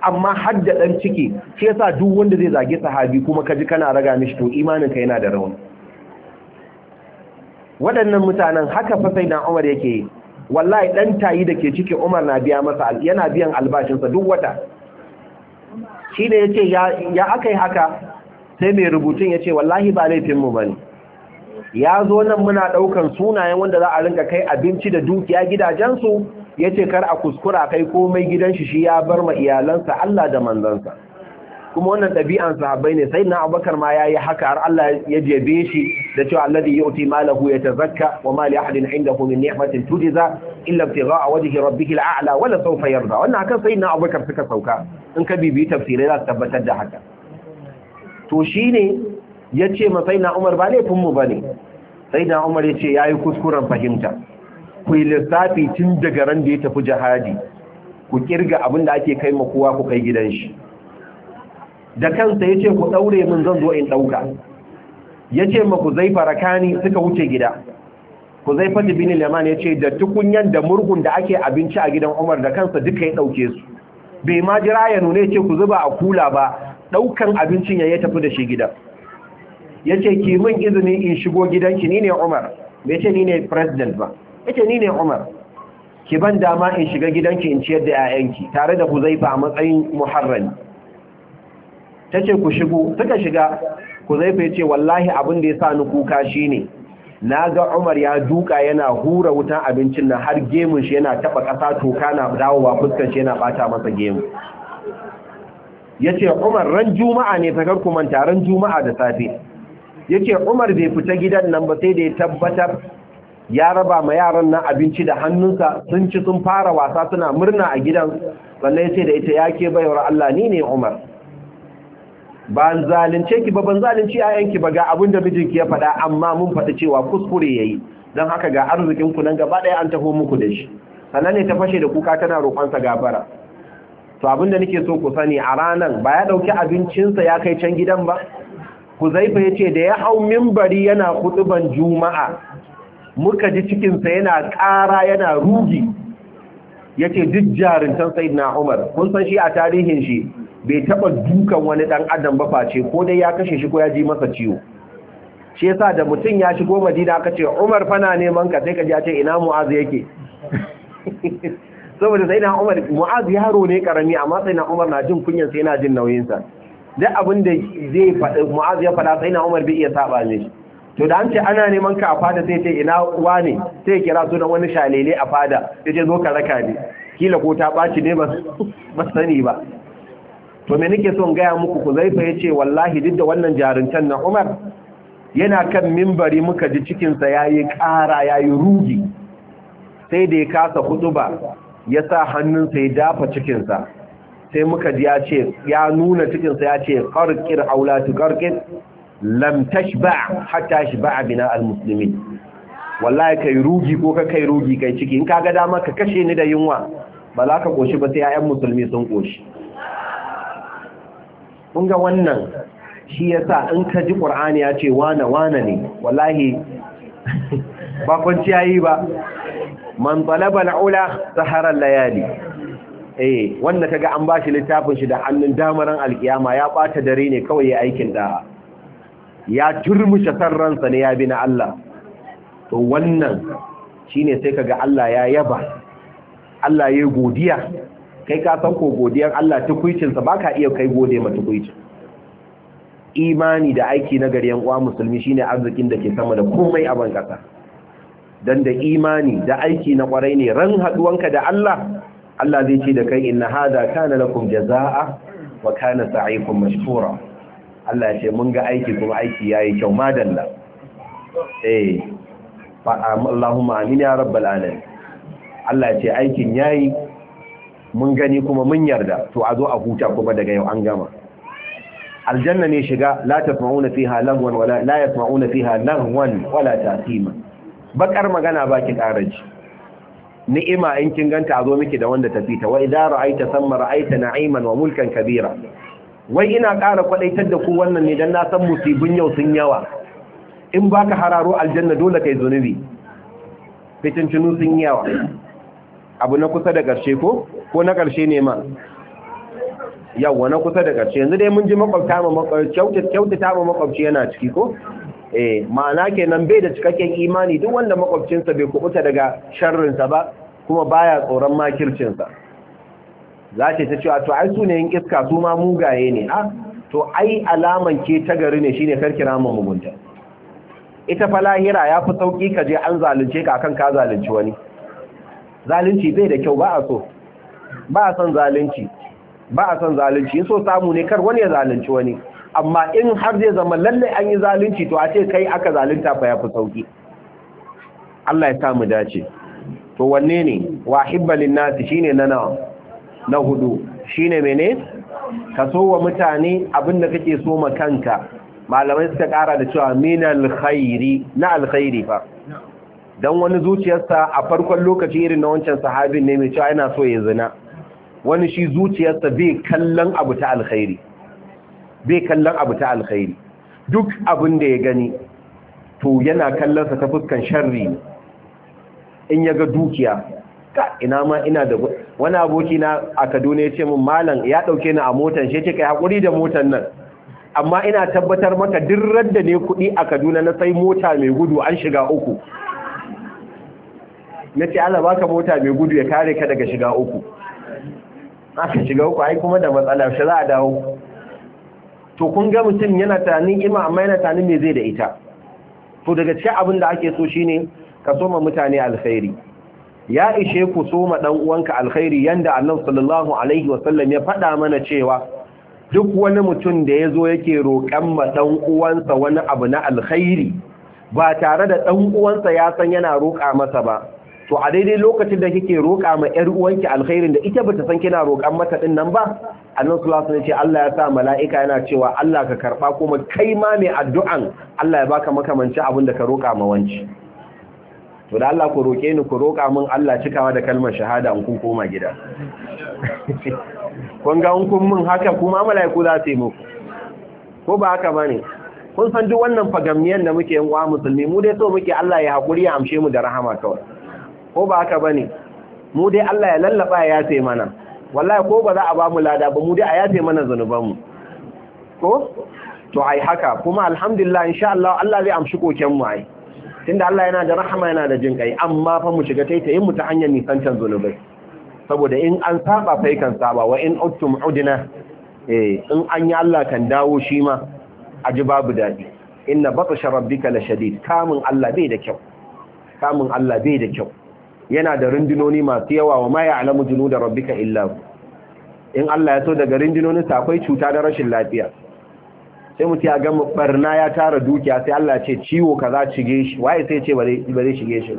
amma har da ɗan ciki shi yasa duk wanda zai zage sahabi kuma kaji kana raga mishi to imaninka yana da rauni waɗannan mutanen haka fa sai na Umar yake wallahi dan tayi dake ciki Umar na biya masa yana biyan albashinsa duk wata shi ne yace ya ya akai haka sai mai rubutun ya ce wallahi ba laifin mu bane ya zo nan muna daukan sunayen wanda za a rinka kai abinci da dukiya gidajensu Ya ce kar a kuskura kai komai gidan shi shi ya bar ma iyalansa Allah da manzansa kuma wannan ɗabi'an sahabbai ne sai na abubakar ma ya yi haka har Allah ya jebe shi da cewa alladhi yu'ti malahu yatazakka wa ma li ahadin indahu min ni'matin tujza illa ibtigha'a wajhi rabbihi al'a'la wala sawfa yarda wannan akan sai na abubakar suka sauka in ka bibi tafsirai za su tabbatar da haka to shine yace ma sai na Umar ba laifin mu bane sai na Umar yace yayi kuskuren fahimta ku yi lissafi tun daga ran da ya tafi jihadi ku kirga abin da ake kai kowa ku kai gidan shi da kansa ya ce ku ɗaure min zan zo in ɗauka ya ce ma ku zai farakani suka wuce gida ku zai fata bin yace ya ce da tukunyan da murhun da ake abinci a gidan umar da kansa duka ya ɗauke su bai ma jira ya nuna ya ce ku zuba a kula ba ɗaukan abincin ya tafi da shi gida ya ce ki min izini in shigo gidanki ni ne umar bai ce ni ne president ba Yake ni ne Umar ki ban dama in shiga gidanki in ciyar da 'ya'yanki tare da Huzaifa a matsayin muharrami tace ku shigo suka shiga Huzaifa yace wallahi abin da ya sa ni kuka shine na ga Umar ya duka yana hura wutan abincin nan har gemun shi yana taba kasa toka na dawowa fuskar shi yana bata masa gemu yace Umar ran juma'a ne ta karku manta ran juma'a da safe yace Umar bai fita gidan nan ba sai da ya tabbatar ya raba ma yaran nan abinci da hannunsa sun ci sun fara wasa suna murna a gidan sannan ya ce da ita yake bayar Allah ni ne Umar ban zalunce ki ba ban zalunci ayyanki ba ga abin da mijinki ya faɗa amma mun faɗi cewa kuskure yayi don haka ga arzikin ku nan gaba ɗaya an taho muku da shi sannan ne ta fashe da kuka tana roƙon sa gafara to abin da nake so ku sani a ranan ba ya ɗauki abincinsa ya kai can gidan ba Kuzaifa ya ce da ya hau mimbari yana kuɗuban juma'a muka ji cikinsa yana ƙara yana rugi ya ce duk jarintan sai na umar kun san shi a tarihin shi bai taɓa dukan wani ɗan adam ba face ko dai ya kashe shi ko ya ji masa ciwo shi yasa da mutum ya shigo madina aka ce umar fana neman ka sai ka ji a ce ina mu'az yake saboda sai na umar mu'az yaro ne karami amma sai na umar na jin kunyan sai yana jin nauyinsa duk abin da zai faɗi mu'az ya faɗa sai na umar bai iya saba ne to da an ce ana neman ka a fada sai ce ina uwa ne sai ya kira sunan wani shalele a fada ya ce zo ka raka ne kila ko ta baci ne ba sani ba to me nake son gaya muku ku zaifa ya ce wallahi duk da wannan jaruntan na umar yana kan mimbari muka ji cikinsa ya yi ƙara ya yi rugi sai da ya kasa hudu ba ya sa hannunsa ya dafa cikinsa sai muka ji ya ce ya nuna cikinsa ya ce ƙarƙir aulatu ƙarƙir lam tashba hatta yashba bina almuslimin wallahi kai rugi ko ka kai rugi kai ciki in kaga dama ka kashe ni da yunwa ba za ka koshi ba sai 'ya'yan musulmi sun koshi kun ga wannan shi yasa in ka ji qur'ani ya ce wana wana ne wallahi ba kwanci yayi ba man talaba al'ula sahara layali eh wannan kaga an bashi littafin shi da hannun damaran alkiyama ya bata dare ne kawai ya aikin da ya turmushe san ransa ne ya bi na Allah to wannan shine sai kaga Allah ya yaba Allah ya godiya kai ka san ko godiyar Allah ta tukuicinsa baka iya kai gode ma kuicin imani da aiki na gari uwa musulmi shine arzikin da ke sama da komai a bankasa kasa da imani da aiki na kwarai ne ran haduwanka da Allah Allah zai ce da kai inna hada kana lakum jazaa wa kana sa'ikum mashkura Allah ya ce mun ga aiki kuma aiki yayi kyau madalla eh fa Allahumma amin ya rabbal alamin Allah ya ce aikin yayi mun gani kuma mun yarda to a zo a huta kuma daga yau an gama aljanna ne shiga la tasma'una fiha lahwan wala la yasma'una fiha lahwan wala ta'tima bakar magana baki karaji ni'ima in kin ganta azo miki da wanda tafita. wa idara aita thamma ra'aita na'iman wa mulkan kabira wai ina ƙara kwadaitar da ku wannan ne don na san musibin yau sun yawa in ba ka hararo aljanna dole kai zunubi fitincinu sun yawa abu na kusa da ƙarshe ko ko na ƙarshe ne ma yawa na kusa da ƙarshe yanzu dai mun ji makwabta ma makwabci kyautata ma makwabci yana ciki ko eh ma'ana kenan bai da cikakken imani duk wanda makwabcinsa bai kubuta daga sharrinsa ba kuma baya tsoron makircinsa za ta ta cewa to ai su yin iska su ma mugaye ne a ah, to ai alaman ke ta gari ne shine karki namun mugunta ita fa lahira ya fi sauki ka je an zalunce ka kan ka zalunci wani zalunci bai da kyau ba a so ba a son zalunci ba a son zalunci so samu ne kar wani ya zalunci wani amma in har zai zama lalle an yi zalunci to a ce kai aka zalunta fa ya fi sauki Allah ya samu dace to wanne ne wahibbalin nasi shine na nawa na hudu ne mene ka so wa mutane abinda kake so ma kanka malamai suka kara da cewa min alkhairi na alkhairi fa dan wani zuciyarsa a farkon lokaci irin na wancan sahabin ne mai cewa yana so ya zina wani shi zuciyarsa bai kallon abu ta alkhairi bai kallon abu ta alkhairi duk abin da ya gani to yana kallon sa ta fuskan sharri in ya ga dukiya ka ina ma ina da wani aboki na a Kaduna ya ce min malam ya dauke ni a motan shi ce kai hakuri da motan nan amma ina tabbatar maka duk radda ne kuɗi a Kaduna na sai mota mai gudu an shiga uku na ce Allah baka mota mai gudu ya kare ka daga shiga uku aka shiga uku ai kuma da matsala shi za a dawo to kun ga mutum yana tunanin ima amma yana tunanin me zai da ita to daga cikin abin da ake so shine ka soma mutane alkhairi ya ishe ku soma dan uwanka alkhairi yanda Allah sallallahu alaihi wasallam ya faɗa mana cewa duk wani mutum da yazo yake roƙan ma dan uwansa wani abu na alkhairi ba tare da dan uwansa ya san yana roƙa masa ba to a daidai lokacin da kike roƙa ma ƴar uwanki alkhairin da ita bata san kina roƙan mata din nan ba Allah sallallahu alaihi ce Allah ya sa mala'ika yana cewa Allah ka karba kuma kai ma mai addu'an Allah ya baka makamanci abin da ka roƙa ma wanci to da Allah ku roke ni ku roka min Allah cikawa da kalmar shahada in kun koma gida kun ga in kun min haka kuma mala'iku za su yi muku ko ba haka bane kun san duk wannan fagamiyan da muke yin wa musulmi mu dai so muke Allah ya hakuri ya amshe mu da rahama kawai ko ba haka bane mu dai Allah ya lallaba ya yace mana wallahi ko ba za a ba mu lada ba mu dai a yace mana zanuban mu ko to ai haka kuma alhamdulillah insha Allah Allah zai amshi koken mu ai tunda Allah yana da rahama yana da jin kai amma fa mu shiga taitayin mu ta hanyar nisantar zunubai saboda in an saba fai kan saba wa in uttum udina eh in an yi Allah kan dawo shi ma aji babu dadi inna batsha rabbika shadid kamun Allah bai da kyau kamun Allah bai da kyau yana da rundunoni masu yawa wa ma ya'lamu junuda rabbika illa in Allah ya so daga rundunonin sa akwai cuta da rashin lafiya sai mutu ya gama barna ya tara dukiya sai Allah ce ciwo kaza shige shi waye sai ce ba zai shige shi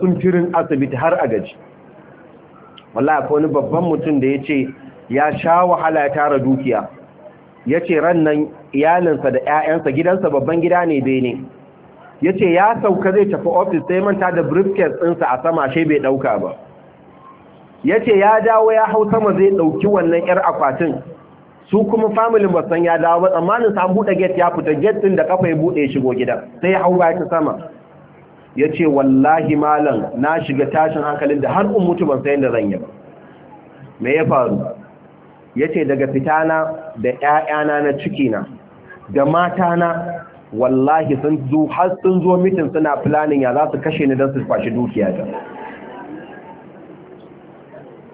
sun firin asibiti har a gaji akwai wani babban mutum da ya ce ya sha wahala ya tara dukiya ya ce rannan iyalinsa da 'ya'yansa gidansa babban gida ne bai ne ya ce ya sauka zai tafi ofis sai manta da briefcase ɗinsa a sama shi bai ɗauka ba ya ce ya dawo ya hau sama zai ɗauki wannan 'yar akwatin su kuma familin ba san ya dawo ba tsammanin sa an buɗe gate ya fita gate din da kafa ya buɗe ya shigo gidan sai ya haura ta sama ya ce wallahi malam na shiga tashin hankalin da har in mutu ban san yadda zan yi ba me ya faru ya ce daga fitana da ‘ya'yana na cikina da matana wallahi sun zo har sun zo mitin suna planning ya za su kashe ni don su fashi dukiya ta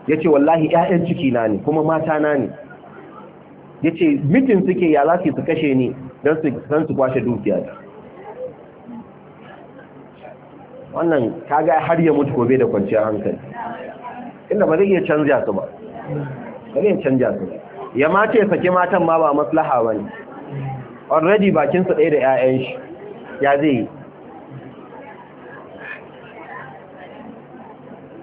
ya ce wallahi ‘ya'yan cikina ne kuma matana ne Ya ce mijin suke ya za su kashe ni don su san su kwashe dukiya wannan kaga har ya mutu gobe da kwanciyar hankali inda ba zai iya canja su ba ba zai canja su ya mace ya sake matan ma ba maslaha ba ne already bakinsa ɗaya da 'ya'yan shi ya zai yi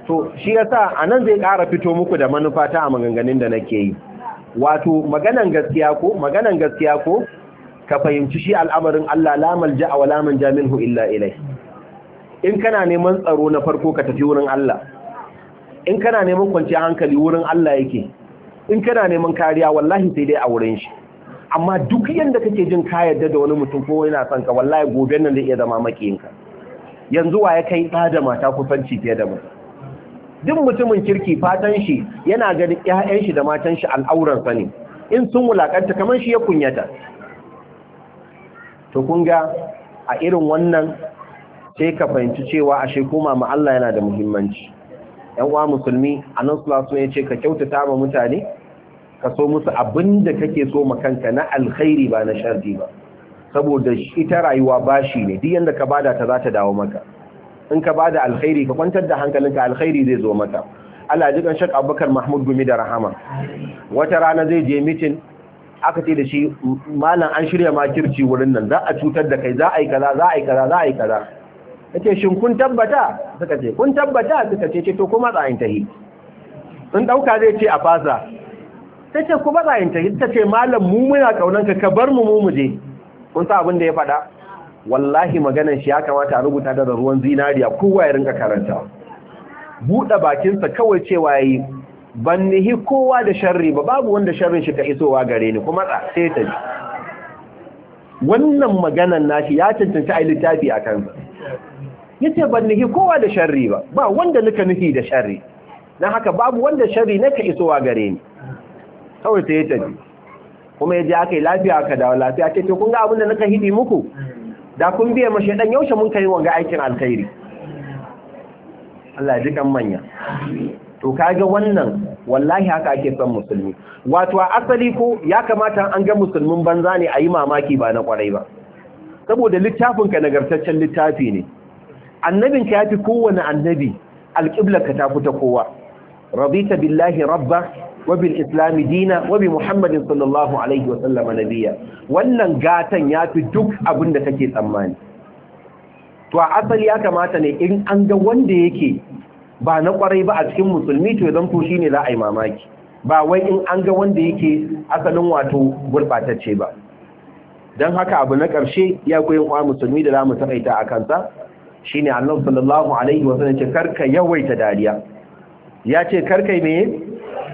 to shi a nan zai ƙara fito muku da manufata a maganganun da nake yi wato maganan gaskiya ko maganan gaskiya ko ka fahimci shi al'amarin Allah la malja wa la manja minhu illa ilai in kana neman tsaro na farko ka tafi wurin Allah in kana neman kwanciyar hankali wurin Allah yake in kana neman kariya wallahi sai dai a wurin shi amma duk yanda kake jin ka yarda da wani mutum ko yana son ka wallahi gobe nan zai iya zama makiyinka yanzu wa ya kai da mata kusanci fiye da mu. duk mutumin kirki fatan shi yana ganin ƴaƴan shi da matan shi al'auransa ne in sun wulakanta kamar shi ya kunyata to kun ga a irin wannan sai ka fahimci cewa ashe kuma ma Allah yana da muhimmanci ɗan uwa musulmi nan sallallahu ya ce ka kyautata ma mutane ka so musu abin da kake so ma kanka na alkhairi ba na sharri ba saboda ita rayuwa bashi ne duk yanda ka bada ta za ta dawo maka in ka bada alkhairi ka kwantar da hankalinka alkhairi zai zo mata Allah jikan shak Abubakar Mahmud Gumi da Rahama wata rana zai je meeting aka ce da shi malam an shirya ma kirci wurin nan za a cutar da kai za a yi kaza za a yi kaza za a yi kaza kace shin kun tabbata suka ce kun tabbata suka ce ce to kuma tsayin tahi in dauka zai ce a fasa ta ce kuma tsayin tahi ta ce malam mu muna kaunanka ka bar mu mu mu je kun sa abin da ya faɗa wallahi maganan shi ya kamata a rubuta da ruwan zinariya kowa ya rinka karanta buɗe bakinsa kawai cewa yi ban nihi kowa da sharri ba babu wanda sharrin shi ka isowa gare ni kuma tsa sai ta ji wannan maganan nashi ya cancanci a littafi a kansa ya ce ban nihi kowa da sharri ba ba wanda nika nufi da sharri na haka babu wanda sharri na ka isowa gare ni kawai sai ta ji kuma ya je aka yi lafiya aka dawo lafiya ce to kun ga abin da nika hidi muku da kun biya mashi dan yaushe mun kai wanga aikin alkhairi Allah ji kan manya to kaga wannan wallahi haka ake son musulmi wato a asali ko ya kamata an ga musulmin banza ne ayi mamaki ba na kwarai ba saboda littafin ka nagartaccen littafi ne annabinka ya fi kowanne annabi tafi ta fita kowa rabita billahi rabba وبالإسلام دينا وبمحمد صلى الله عليه وسلم نبيا wannan gatan ya fi duk abin da kake tsammani to a asali ya kamata ne in an ga wanda yake ba na kwarai ba a cikin musulmi to ya zanto shine za a yi mamaki ba wai in an ga wanda yake asalin wato gurbatacce ba dan haka abu na ƙarshe ya koyin uwa musulmi da za mu a kansa shine Allah sallallahu alaihi wasallam ce karka yawaita dariya ya ce karka me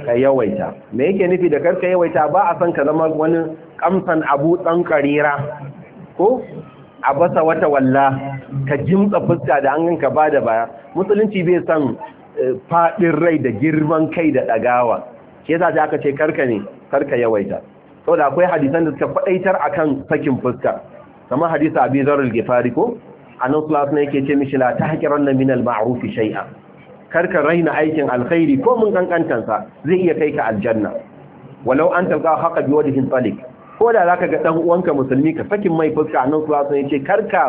ka yawaita me yake nufi da karka yawaita ba a san ka zama wani kamfan abu dan karira ko a basa wata walla ka jimtsa fuska da an ka ba da baya musulunci bai san eh, fadin rai da girman kai da dagawa shi yasa sai aka ce karka ne karka yawaita da akwai hadisan da suka fadaitar akan sakin fuska kamar hadisi abi zarul gifari ko annabi sallallahu yake ce mishi la tahqiranna min al-ma'ruf shay'a karka raina aikin alkhairi ko mun kankantansa zai iya kai ka aljanna walau an talqa haqa bi wajhin talik ko da zaka ga dan uwanka musulmi ka sakin mai fuska nan su sun yace karka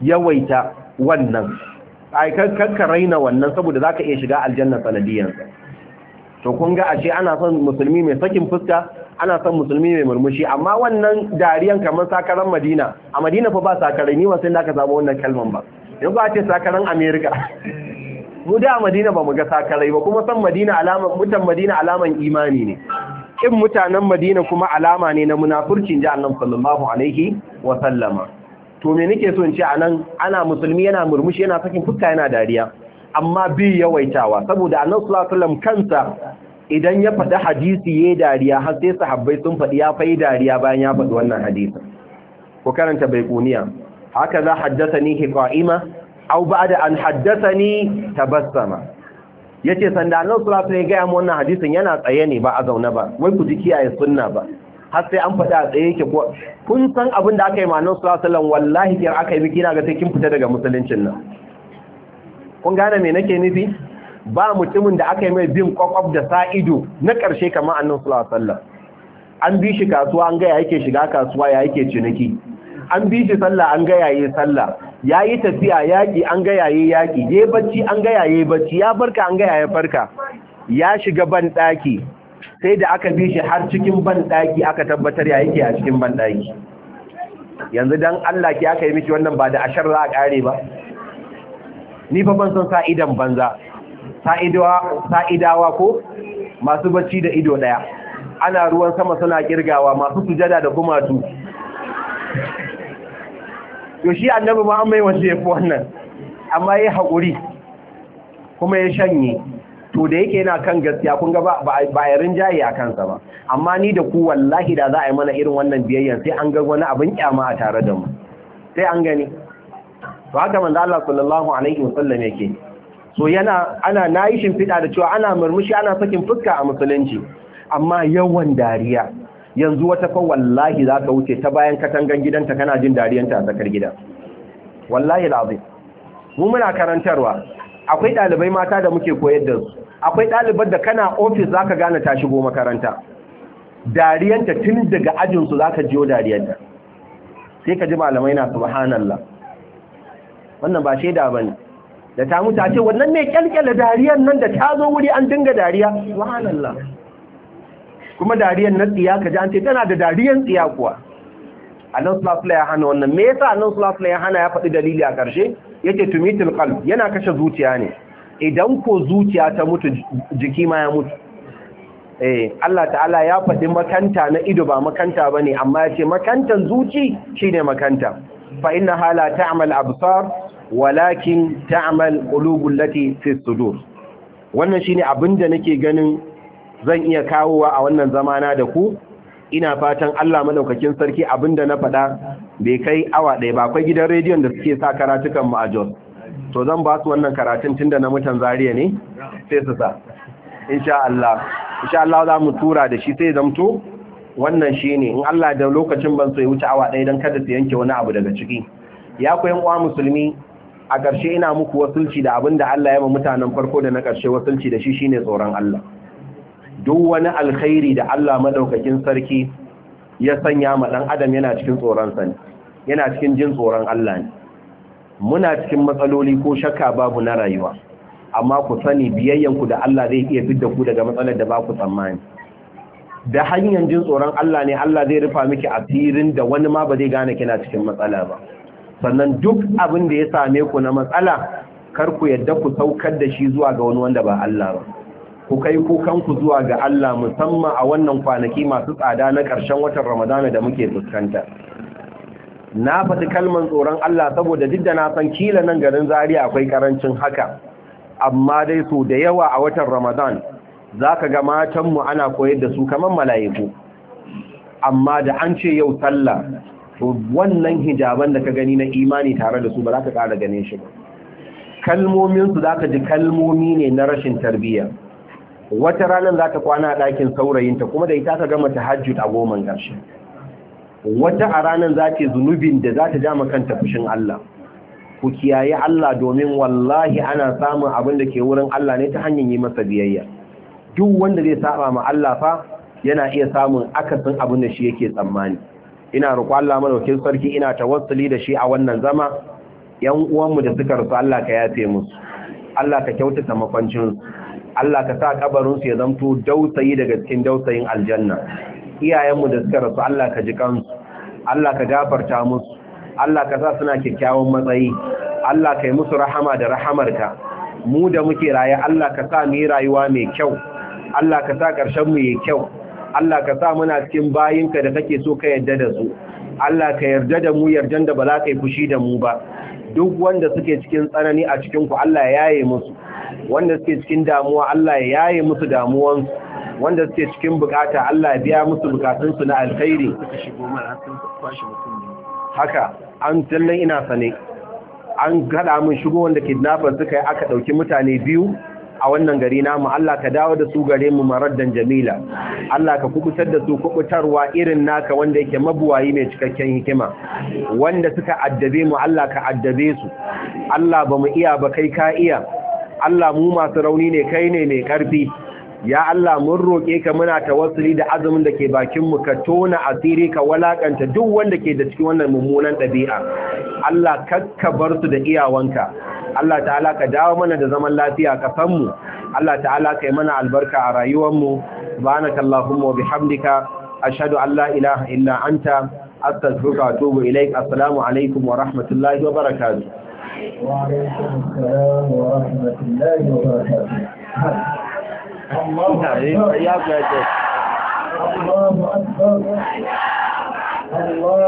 yawaita wannan ai karka raina wannan saboda zaka iya shiga aljanna sanadiyansa to kun ga ashe ana son musulmi mai sakin fuska ana son musulmi mai murmushi amma wannan dariyan kamar sakaran Madina a Madina fa ba sakarai ni wasai sai da ka samu wannan kalman ba yanzu a ce sakaran America mu da Madina ba mu ga sakarai ba kuma san Madina alaman mutan Madina alaman imani ne in mutanen Madina kuma alama ne na munafurcin ji Allah sallallahu alaihi wa sallama to me nake so in ce anan ana musulmi yana murmushi yana sakin fuska yana dariya amma bi yawaitawa saboda Allah sallallahu alaihi kansa idan ya faɗi hadisi yi dariya har sai sahabbai sun faɗi ya fa'i dariya bayan ya faɗi wannan hadisi ko karanta kuniya haka za haddasa haddathani hiqaima au da an haddasa ni tabassama yace sanda Allah sallallahu su wasallam ya wannan hadisun yana tsaye ne ba a zaune ba wai ku ji kiyaye sunna ba har sai an fata a tsaye yake kuwa kun san abin da aka yi manon sallallahu wallahi kin aka yi biki na ga kin fita daga musuluncin nan kun gane me nake nufi ba mutumin da aka yi mai bin kwakwab da sa'ido na ƙarshe kamar annan sallah an bi shi kasuwa an gaya yake shiga kasuwa ya yake ciniki an bi shi sallah an gaya yi sallah ya yi tafiya yaƙi an ga yaye yaƙi je bacci an ga yaye bacci ya barka an ga yaye farka ya shiga ban ɗaki sai da aka bi shi har cikin ban ɗaki aka tabbatar ya yake a cikin ban ɗaki yanzu dan Allah ki aka yi miki wannan ba da ashar za a ƙare ba ni fa ban san sa'idan banza sa'idawa ko masu bacci da ido ɗaya ana ruwan sama suna kirgawa masu sujada da kumatu to shi annabi ma an mai wasu ya fi wannan amma ya haƙuri kuma ya shanye to da yake yana kan gaskiya kun ga ba ya rinjaye a kansa ba amma ni da ku wallahi da za a yi mana irin wannan biyayya sai an ga wani abin kyama a tare da mu sai an gani to haka manzo Allah sallallahu alaihi wasallam yake so yana ana nayi shimfiɗa da cewa ana murmushi ana sakin fuska a musulunci amma yawan dariya yanzu wata fa wallahi za ka wuce ta bayan katangan gidanta kana jin dariyanta a tsakar gida wallahi lazim mu muna karantarwa akwai ɗalibai mata da muke koyar da su akwai ɗalibar da kana ofis za ka gane ta shigo makaranta dariyanta tun daga ajinsu za ka jiyo dariyanta sai ka ji malamai na subhanallah wannan ba shaida ba ne da ta mutace wannan ne kyalkyala dariyan nan da ta zo wuri an dinga dariya subhanallah kuma dariyan na tsiya ka ji an ce tana da dariyan tsiya kuwa annan sulasula ya hana wannan me yasa annan sulasula ya hana ya faɗi dalili a ƙarshe yake tumitin ƙalb yana kashe zuciya ne idan ko zuciya ta mutu jiki ma ya mutu eh, Allah ta'ala ya faɗi makanta na ido ba makanta ba ne. amma ya ce makantan zuci shine makanta fa inna hala ta'amal absar walakin ta'amal qulubul lati fi sudur wannan abin da nake ganin zan iya kawowa a wannan zamana da ku ina fatan Allah madaukakin sarki abinda na faɗa bai kai awa ɗaya ba akwai gidan rediyon da suke sa karatukan mu a Jos to zan ba su wannan karatun tunda na mutan Zaria ne sai su sa insha Allah insha Allah za mu tura da shi sai zamto wannan shine in Allah da lokacin ban so ya wuce awa ɗaya dan kada su yanke wani abu daga ciki ya ku yan uwa musulmi a ƙarshe ina muku wasulci da abin da Allah ya wa mutanen farko da na ƙarshe wasulci da shi shine tsoron Allah duk wani alkhairi da Allah madaukakin sarki ya sanya ma dan adam yana cikin tsoron sa yana cikin jin tsoron Allah ne muna cikin matsaloli ko shakka babu na rayuwa amma ku sani biyayyan ku da Allah zai iya fidda ku daga matsalar da ba ku tsammani da hanyar jin tsoron Allah ne Allah zai rufa miki asirin da wani ma ba zai gane kina cikin matsala ba sannan duk abin da ya same ku na matsala kar ku yadda ku saukar da shi zuwa ga wani wanda ba Allah ba ku kai kukanku zuwa ga Allah musamman a wannan kwanaki masu tsada na ƙarshen watan Ramadana da muke fuskanta. Na faɗi kalman tsoron Allah saboda duk da na san kila nan garin Zaria akwai karancin haka, amma dai su, da yawa a watan Ramadan za ka ga matanmu ana koyar da su kamar mala'iku. Amma da an ce yau sallah, to wannan hijaban da ka gani na imani tare da su ba za ka ƙara ganin shi ba. Kalmominsu za ka ji kalmomi ne na rashin tarbiyya. wata ranar za ta kwana a ɗakin saurayinta kuma da ita ta gama ta hajjud a goman ƙarshe wata a ranar za ta zunubin da za ta ja kanta fushin Allah ku kiyaye Allah domin wallahi ana samun abin da ke wurin Allah ne ta hanyar yi masa biyayya duk wanda zai saba ma Allah fa yana iya samun akasin abin da shi yake tsammani ina roƙo Allah madaukakin sarki ina tawassuli da shi a wannan zama yan uwanmu da suka rasu Allah ka yafe musu Allah ka kyautata makwancinsu Allah ka sa kabarinsu ya zamto dausayi daga cikin dausayin aljanna iyayenmu da suka rasu Allah ka ji kansu Allah ka gafarta musu Allah ka sa suna kyakkyawan matsayi Allah ka yi musu rahama da rahamarka mu da muke raye Allah ka sa mu yi rayuwa mai kyau Allah ka sa ƙarshen mu yi kyau Allah ka sa muna cikin bayinka da kake so ka yarda da su Allah ka yarda da mu yardan da ba za ka yi fushi da mu ba duk wanda suke cikin tsanani a cikin ku Allah ya yaye musu wanda suke cikin damuwa Allah ya yi musu damuwan wanda suke cikin bukata Allah ya biya musu bukatunsu na alkhairi haka an tallan ina sane an gada mun shigo wanda kidnapper suka yi aka dauki mutane biyu a wannan gari namu Allah ka dawo da su gare mu maraddan jamila Allah ka kubutar da su kubutarwa irin naka wanda yake mabuwayi mai cikakken hikima wanda suka addabe mu Allah ka addabe su Allah ba mu iya ba kai ka iya Allah mu masu rauni ne kai ne mai ƙarfi ya Allah mun roƙe ka muna ta tawassuli da azumin da ke bakin mu ka tona asiri ka walakanta duk wanda ke da cikin wannan mummunan ɗabi'a Allah kakka bar su da iyawanka Allah ta'ala ka dawo mana da zaman lafiya ka san mu Allah ta'ala ka yi mana albarka a rayuwar mu subhanakallahumma wa bihamdika ashhadu an la ilaha illa anta astaghfiruka wa atubu ilaik assalamu alaikum wa rahmatullahi wa barakatuh وعليكم السلام ورحمة الله وبركاته الله أكبر الله أكبر